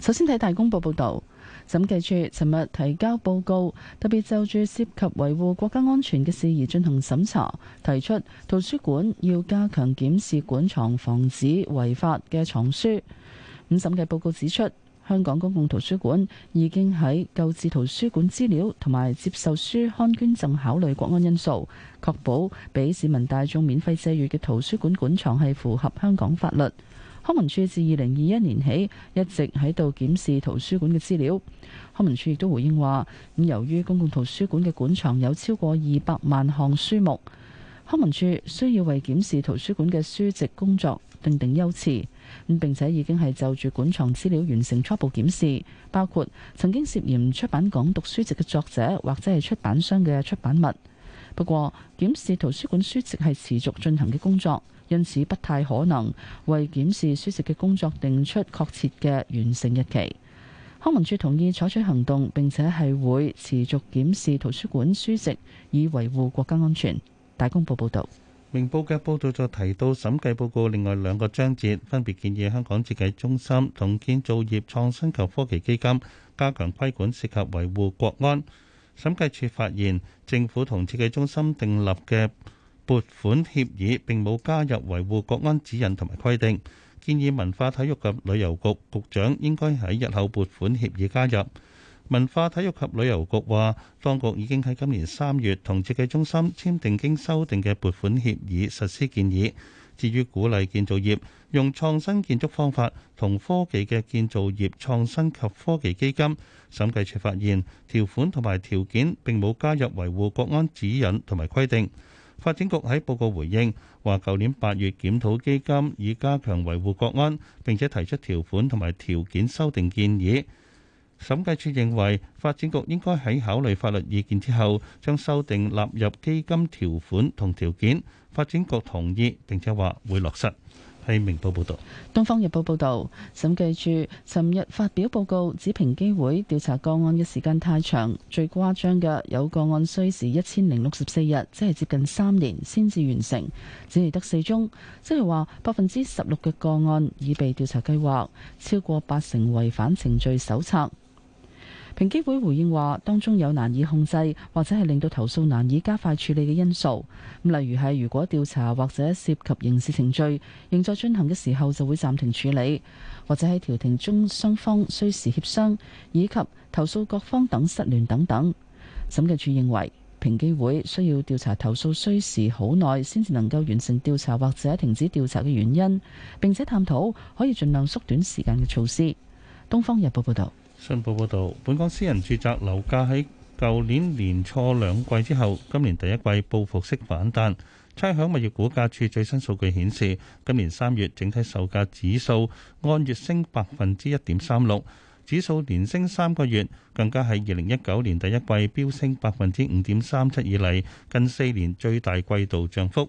首先睇大公報報道，審計處尋日提交報告，特別就住涉及維護國家安全嘅事宜進行審查，提出圖書館要加強檢視館藏，防止違法嘅藏書，咁審計報告指出。香港公共圖書館已經喺購置圖書館資料同埋接受書刊捐贈，考慮國安因素，確保俾市民大眾免費借閲嘅圖書館館藏係符合香港法律。康文署自二零二一年起一直喺度檢視圖書館嘅資料。康文署亦都回應話：咁由於公共圖書館嘅館藏有超過二百萬項書目，康文署需要為檢視圖書館嘅書籍工作定定優次。並且已經係就住館藏資料完成初步檢視，包括曾經涉嫌出版港獨書籍嘅作者或者係出版商嘅出版物。不過檢視圖書館書籍係持續進行嘅工作，因此不太可能為檢視書籍嘅工作定出確切嘅完成日期。康文署同意採取行動，並且係會持續檢視圖書館書籍，以維護國家安全。大公報報導。明報嘅報道就提到審計報告另外兩個章節，分別建議香港設計中心同建造業創新及科技基金加強規管，涉及維護國安。審計處發現政府同設計中心訂立嘅撥款協議並冇加入維護國安指引同埋規定，建議文化體育及旅遊局局長應該喺日後撥款協議加入。文化、體育及旅遊局話，當局已經喺今年三月同設計中心簽訂經修訂嘅撥款協議實施建議。至於鼓勵建造業用創新建築方法同科技嘅建造業創新及科技基金，審計處發現條款同埋條件並冇加入維護國安指引同埋規定。發展局喺報告回應話舊年八月檢討基金已加強維護國安，並且提出條款同埋條件修訂建議。審計處認為發展局應該喺考慮法律意見之後，將修訂納入基金條款同條件。發展局同意並且話會落實。係明報報導，《東方日報》報導審計處尋日發表報告，指平機會調查個案嘅時間太長，最誇張嘅有個案需時一千零六十四日，即係接近三年先至完成，只係得四宗。即係話百分之十六嘅個案已被調查計劃，超過八成違反程序手冊。平機會回應話，當中有難以控制或者係令到投訴難以加快處理嘅因素，例如係如果調查或者涉及刑事程序仍在進行嘅時候，就會暫停處理，或者喺調停中雙方需時協商，以及投訴各方等失聯等等。審計處認為，平機會需要調查投訴需時好耐，先至能夠完成調查或者停止調查嘅原因，並且探討可以盡量縮短時間嘅措施。《東方日報》報道。信報報導，本港私人住宅樓價喺舊年年初兩季之後，今年第一季報復式反彈。差餉物業估價署最新數據顯示，今年三月整體售價指數按月升百分之一點三六，指數連升三個月，更加喺二零一九年第一季飆升百分之五點三七以嚟近四年最大季度漲幅。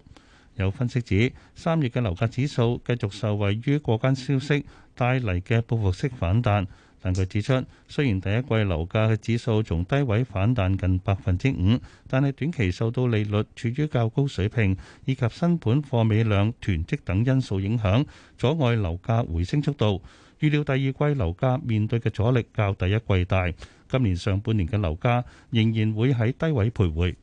有分析指，三月嘅樓價指數繼續受惠於過關消息帶嚟嘅報復式反彈。但佢指出，雖然第一季樓價嘅指數從低位反彈近百分之五，但係短期受到利率處於較高水平以及新盤貨尾量囤積等因素影響，阻礙樓價回升速度。預料第二季樓價面對嘅阻力較第一季大，今年上半年嘅樓價仍然會喺低位徘徊。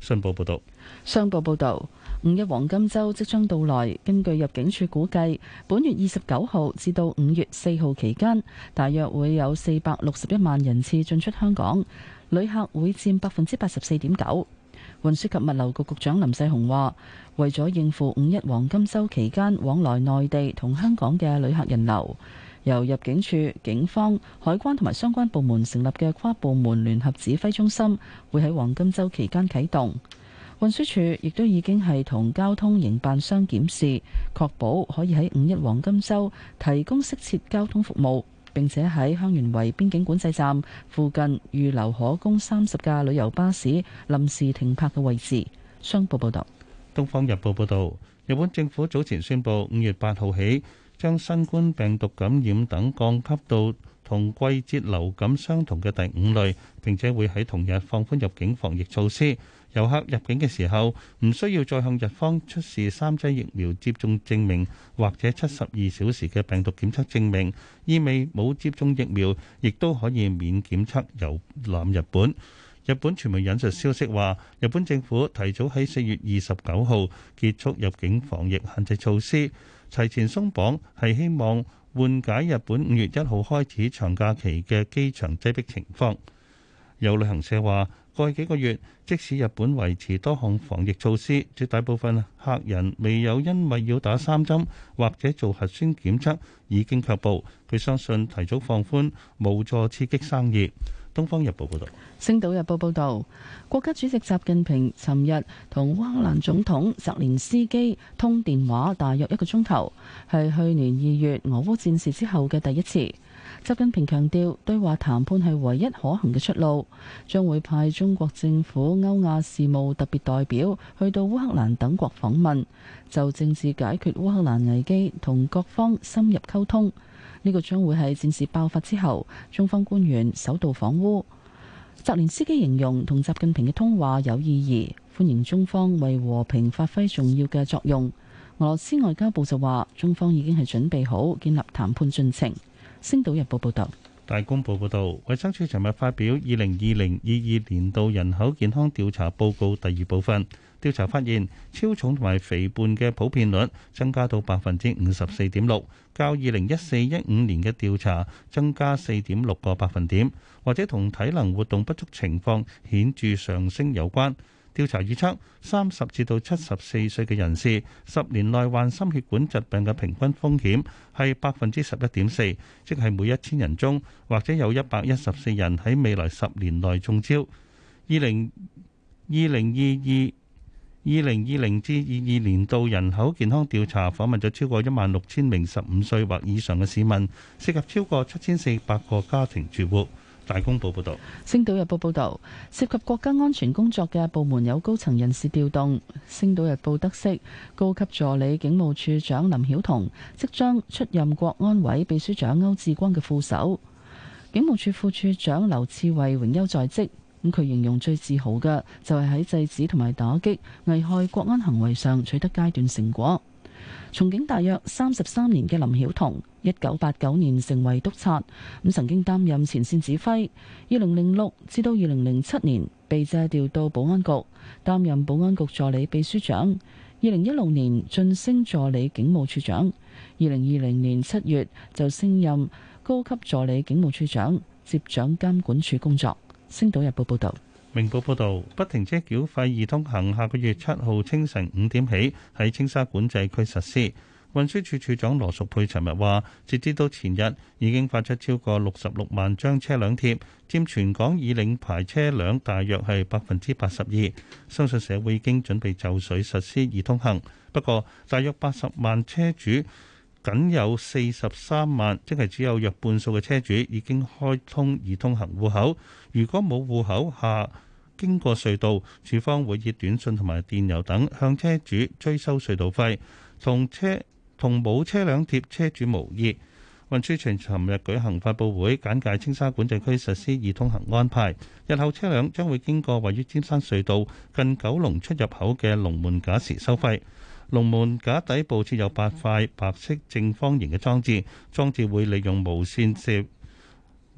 信報報導，商報報導。五一黃金週即將到來，根據入境處估計，本月二十九號至到五月四號期間，大約會有四百六十一萬人次進出香港，旅客會佔百分之八十四點九。運輸及物流局局長林世雄話，為咗應付五一黃金週期間往來內地同香港嘅旅客人流，由入境處、警方、海關同埋相關部門成立嘅跨部門聯合指揮中心，會喺黃金週期間啟動。運輸處亦都已經係同交通營辦商檢視，確保可以喺五一黃金周提供適切交通服務，並且喺香園圍邊境管制站附近預留可供三十架旅遊巴士臨時停泊嘅位置。商報報道，《東方日報》報道，日本政府早前宣布，五月八號起。將新冠病毒感染等降級到同季節流感相同嘅第五類，並且會喺同日放寬入境防疫措施。遊客入境嘅時候，唔需要再向日方出示三劑疫苗接種證明或者七十二小時嘅病毒檢測證明，意味冇接種疫苗亦都可以免檢測遊覽日本。日本傳媒引述消息話，日本政府提早喺四月二十九號結束入境防疫限制措施。提前鬆綁係希望緩解日本五月一號開始長假期嘅機場擠迫情況。有旅行社話，過去幾個月，即使日本維持多項防疫措施，絕大部分客人未有因為要打三針或者做核酸檢測已經卻步。佢相信提早放寬，有助刺激生意。《東方日報》報導，《星島日報》報道：國家主席習近平尋日同烏克蘭總統澤連斯基通電話大約一個鐘頭，係去年二月俄烏戰事之後嘅第一次。習近平強調，對話談判係唯一可行嘅出路，將會派中國政府歐亞事務特別代表去到烏克蘭等國訪問，就政治解決烏克蘭危機同各方深入溝通。呢個將會喺戰事爆發之後中方官員首度訪烏。澤連斯基形容同習近平嘅通話有意義，歡迎中方為和平發揮重要嘅作用。俄羅斯外交部就話，中方已經係準備好建立談判進程。星島日報報道，大公報報道，衛生署尋日發表二零二零二二年度人口健康調查報告第二部分。調查發現，超重同埋肥胖嘅普遍率增加到百分之五十四點六，較二零一四一五年嘅調查增加四點六個百分點，或者同體能活動不足情況顯著上升有關。調查預測，三十至到七十四歲嘅人士，十年內患心血管疾病嘅平均風險係百分之十一點四，即係每一千人中，或者有一百一十四人喺未來十年內中招。二零二零二二二零二零至二二年度人口健康調查訪問咗超過一萬六千名十五歲或以上嘅市民，涉及超過七千四百個家庭住戶。大公報報道，星島日報報道涉及國家安全工作嘅部門有高層人士調動。星島日報得悉，高級助理警務處長林曉彤即將出任國安委秘書長歐志光嘅副手，警務處副處長劉賜蕙榮休在即。咁佢形容最自豪嘅就係喺制止同埋打擊危害國安行為上取得階段成果。從警大約三十三年嘅林曉彤，一九八九年成為督察，咁曾經擔任前線指揮。二零零六至到二零零七年被借調到保安局擔任保安局助理秘書長。二零一六年晉升助理警務處長，二零二零年七月就升任高級助理警務處長，接掌監管處工作。星島日報報道，明報報道，不停車繳費易通行下個月七號清晨五點起喺青沙管制區實施。運輸署署長羅淑佩尋日話，截至到前日已經發出超過六十六萬張車輛貼，佔全港已領牌車輛大約係百分之八十二，相信社會已經準備就緒實施易通行。不過，大約八十萬車主，僅有四十三萬，即係只有約半數嘅車主已經開通易通行戶口。如果冇戶口下經過隧道，署方會以短信同埋電郵等向車主追收隧道費，同車同冇車輛貼車主無異。運輸署尋日舉行發佈會，簡介青沙管制區實施易通行安排。日後車輛將會經過位於尖山隧道近九龍出入口嘅龍門架時收費。龍門架底部設有八塊白色正方形嘅裝置，裝置會利用無線射，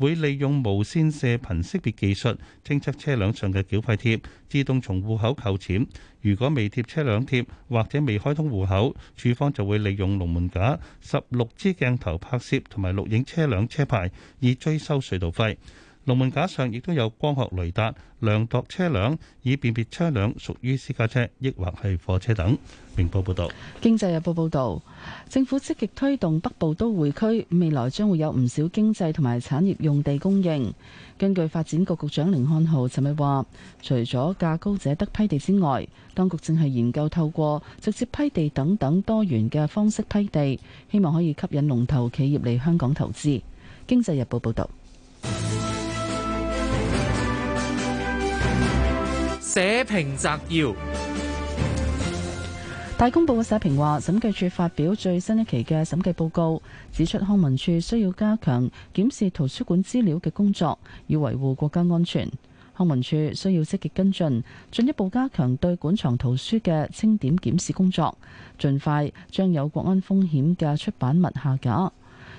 會利用無線射頻識別技術，偵測車輛上嘅繳費貼，自動從戶口扣錢。如果未貼車輛貼，或者未開通戶口，署方就會利用龍門架、十六支鏡頭拍攝同埋錄影車輛車牌，以追收隧道費。龍門架上亦都有光學雷達量度車輛，以辨別車輛屬於私家車，抑或係貨車等。明報報導，《經濟日報》報道：政府積極推動北部都會區，未來將會有唔少經濟同埋產業用地供應。根據發展局局長甯漢豪尋日話，除咗價高者得批地之外，當局正係研究透過直接批地等等多元嘅方式批地，希望可以吸引龍頭企業嚟香港投資。《經濟日報》報道。社評摘要：大公報嘅社評話，審計署發表最新一期嘅審計報告，指出康文署需要加強檢視圖書館資料嘅工作，要維護國家安全。康文署需要積極跟進，進一步加強對館藏圖書嘅清點檢視工作，盡快將有國安風險嘅出版物下架。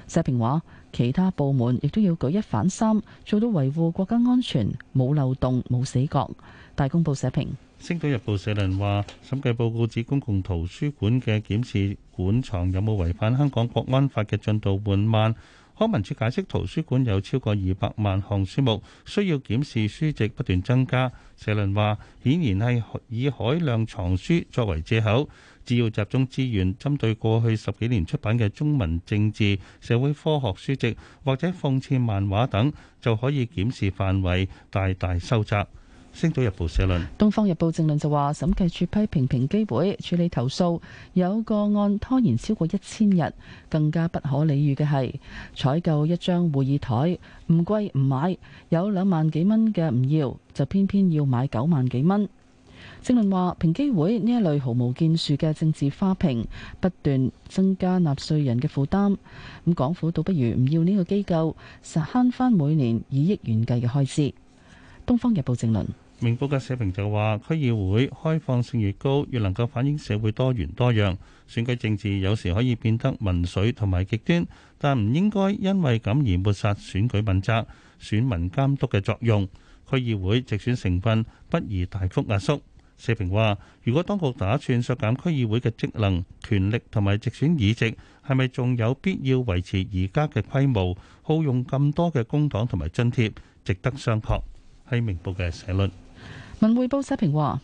社評話，其他部門亦都要舉一反三，做到維護國家安全，冇漏洞、冇死角。大公報社評。星島日報社論話，審計報告指公共圖書館嘅檢視館藏有冇違反香港國安法嘅進度緩慢。康文署解釋圖書館有超過二百萬項書目需要檢視，書籍不斷增加。社論話，顯然係以海量藏書作為借口，只要集中資源針對過去十幾年出版嘅中文政治、社會科學書籍或者諷刺漫畫等，就可以檢視範圍大大收窄。《星島日報》社論，《東方日報》正論就話，審計處批評平機會處理投訴有個案拖延超過一千日，更加不可理喻嘅係採購一張會議台唔貴唔買，有兩萬幾蚊嘅唔要，就偏偏要買九萬幾蚊。正論話平機會呢一類毫無建樹嘅政治花瓶，不斷增加納稅人嘅負擔。咁港府倒不如唔要呢個機構，實慳翻每年以億元計嘅開支。《東方日報》正論。明報嘅社評就話：區議會開放性越高，越能夠反映社會多元多樣。選舉政治有時可以變得民粹同埋極端，但唔應該因為咁而抹殺選舉問責、選民監督嘅作用。區議會直選成分不宜大幅壓縮。社評話：如果當局打算削減區議會嘅職能、權力同埋直選議席，係咪仲有必要維持而家嘅規模、耗用咁多嘅公黨同埋津貼，值得商榷。係明報嘅社論。文匯報社評話，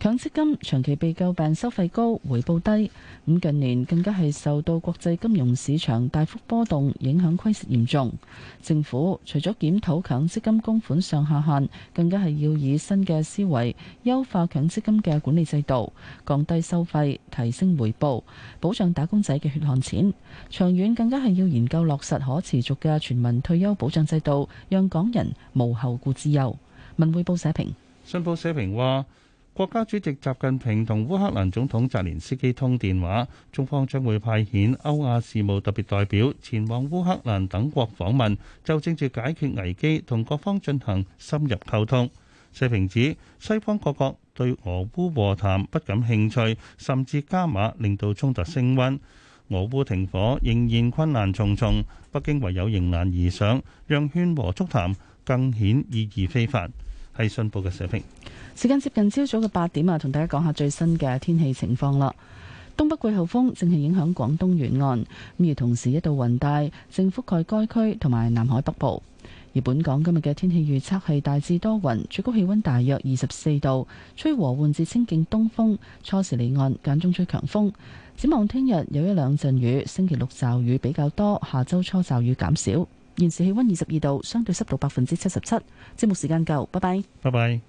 強積金長期被詬病收費高、回報低，咁近年更加係受到國際金融市場大幅波動影響，虧損嚴重。政府除咗檢討強積金供款上下限，更加係要以新嘅思維優化強積金嘅管理制度，降低收費，提升回報，保障打工仔嘅血汗錢。長遠更加係要研究落實可持續嘅全民退休保障制度，讓港人無後顧之憂。文匯報社評。信報社評話，國家主席習近平同烏克蘭總統澤連斯基通電話，中方將會派遣歐亞事務特別代表前往烏克蘭等國訪問，就政治解決危機同各方進行深入溝通。社評指，西方各國對俄烏和談不感興趣，甚至加碼令到衝突升溫。俄烏停火仍然困難重重，北京唯有迎難而上，讓勸和促談更顯意義非凡。係信報嘅社評時間。接近朝早嘅八點啊，同大家講下最新嘅天氣情況啦。東北季候風正係影響廣東沿岸，咁而同時一道雲帶正覆蓋該區同埋南海北部。而本港今日嘅天氣預測係大致多雲，最高氣溫大約二十四度，吹和緩至清勁東風，初時離岸，間中吹強風。展望聽日有一兩陣雨，星期六驟雨比較多，下週初驟雨減少。現時氣溫二十二度，相對濕度百分之七十七。節目時間夠，拜拜。拜拜。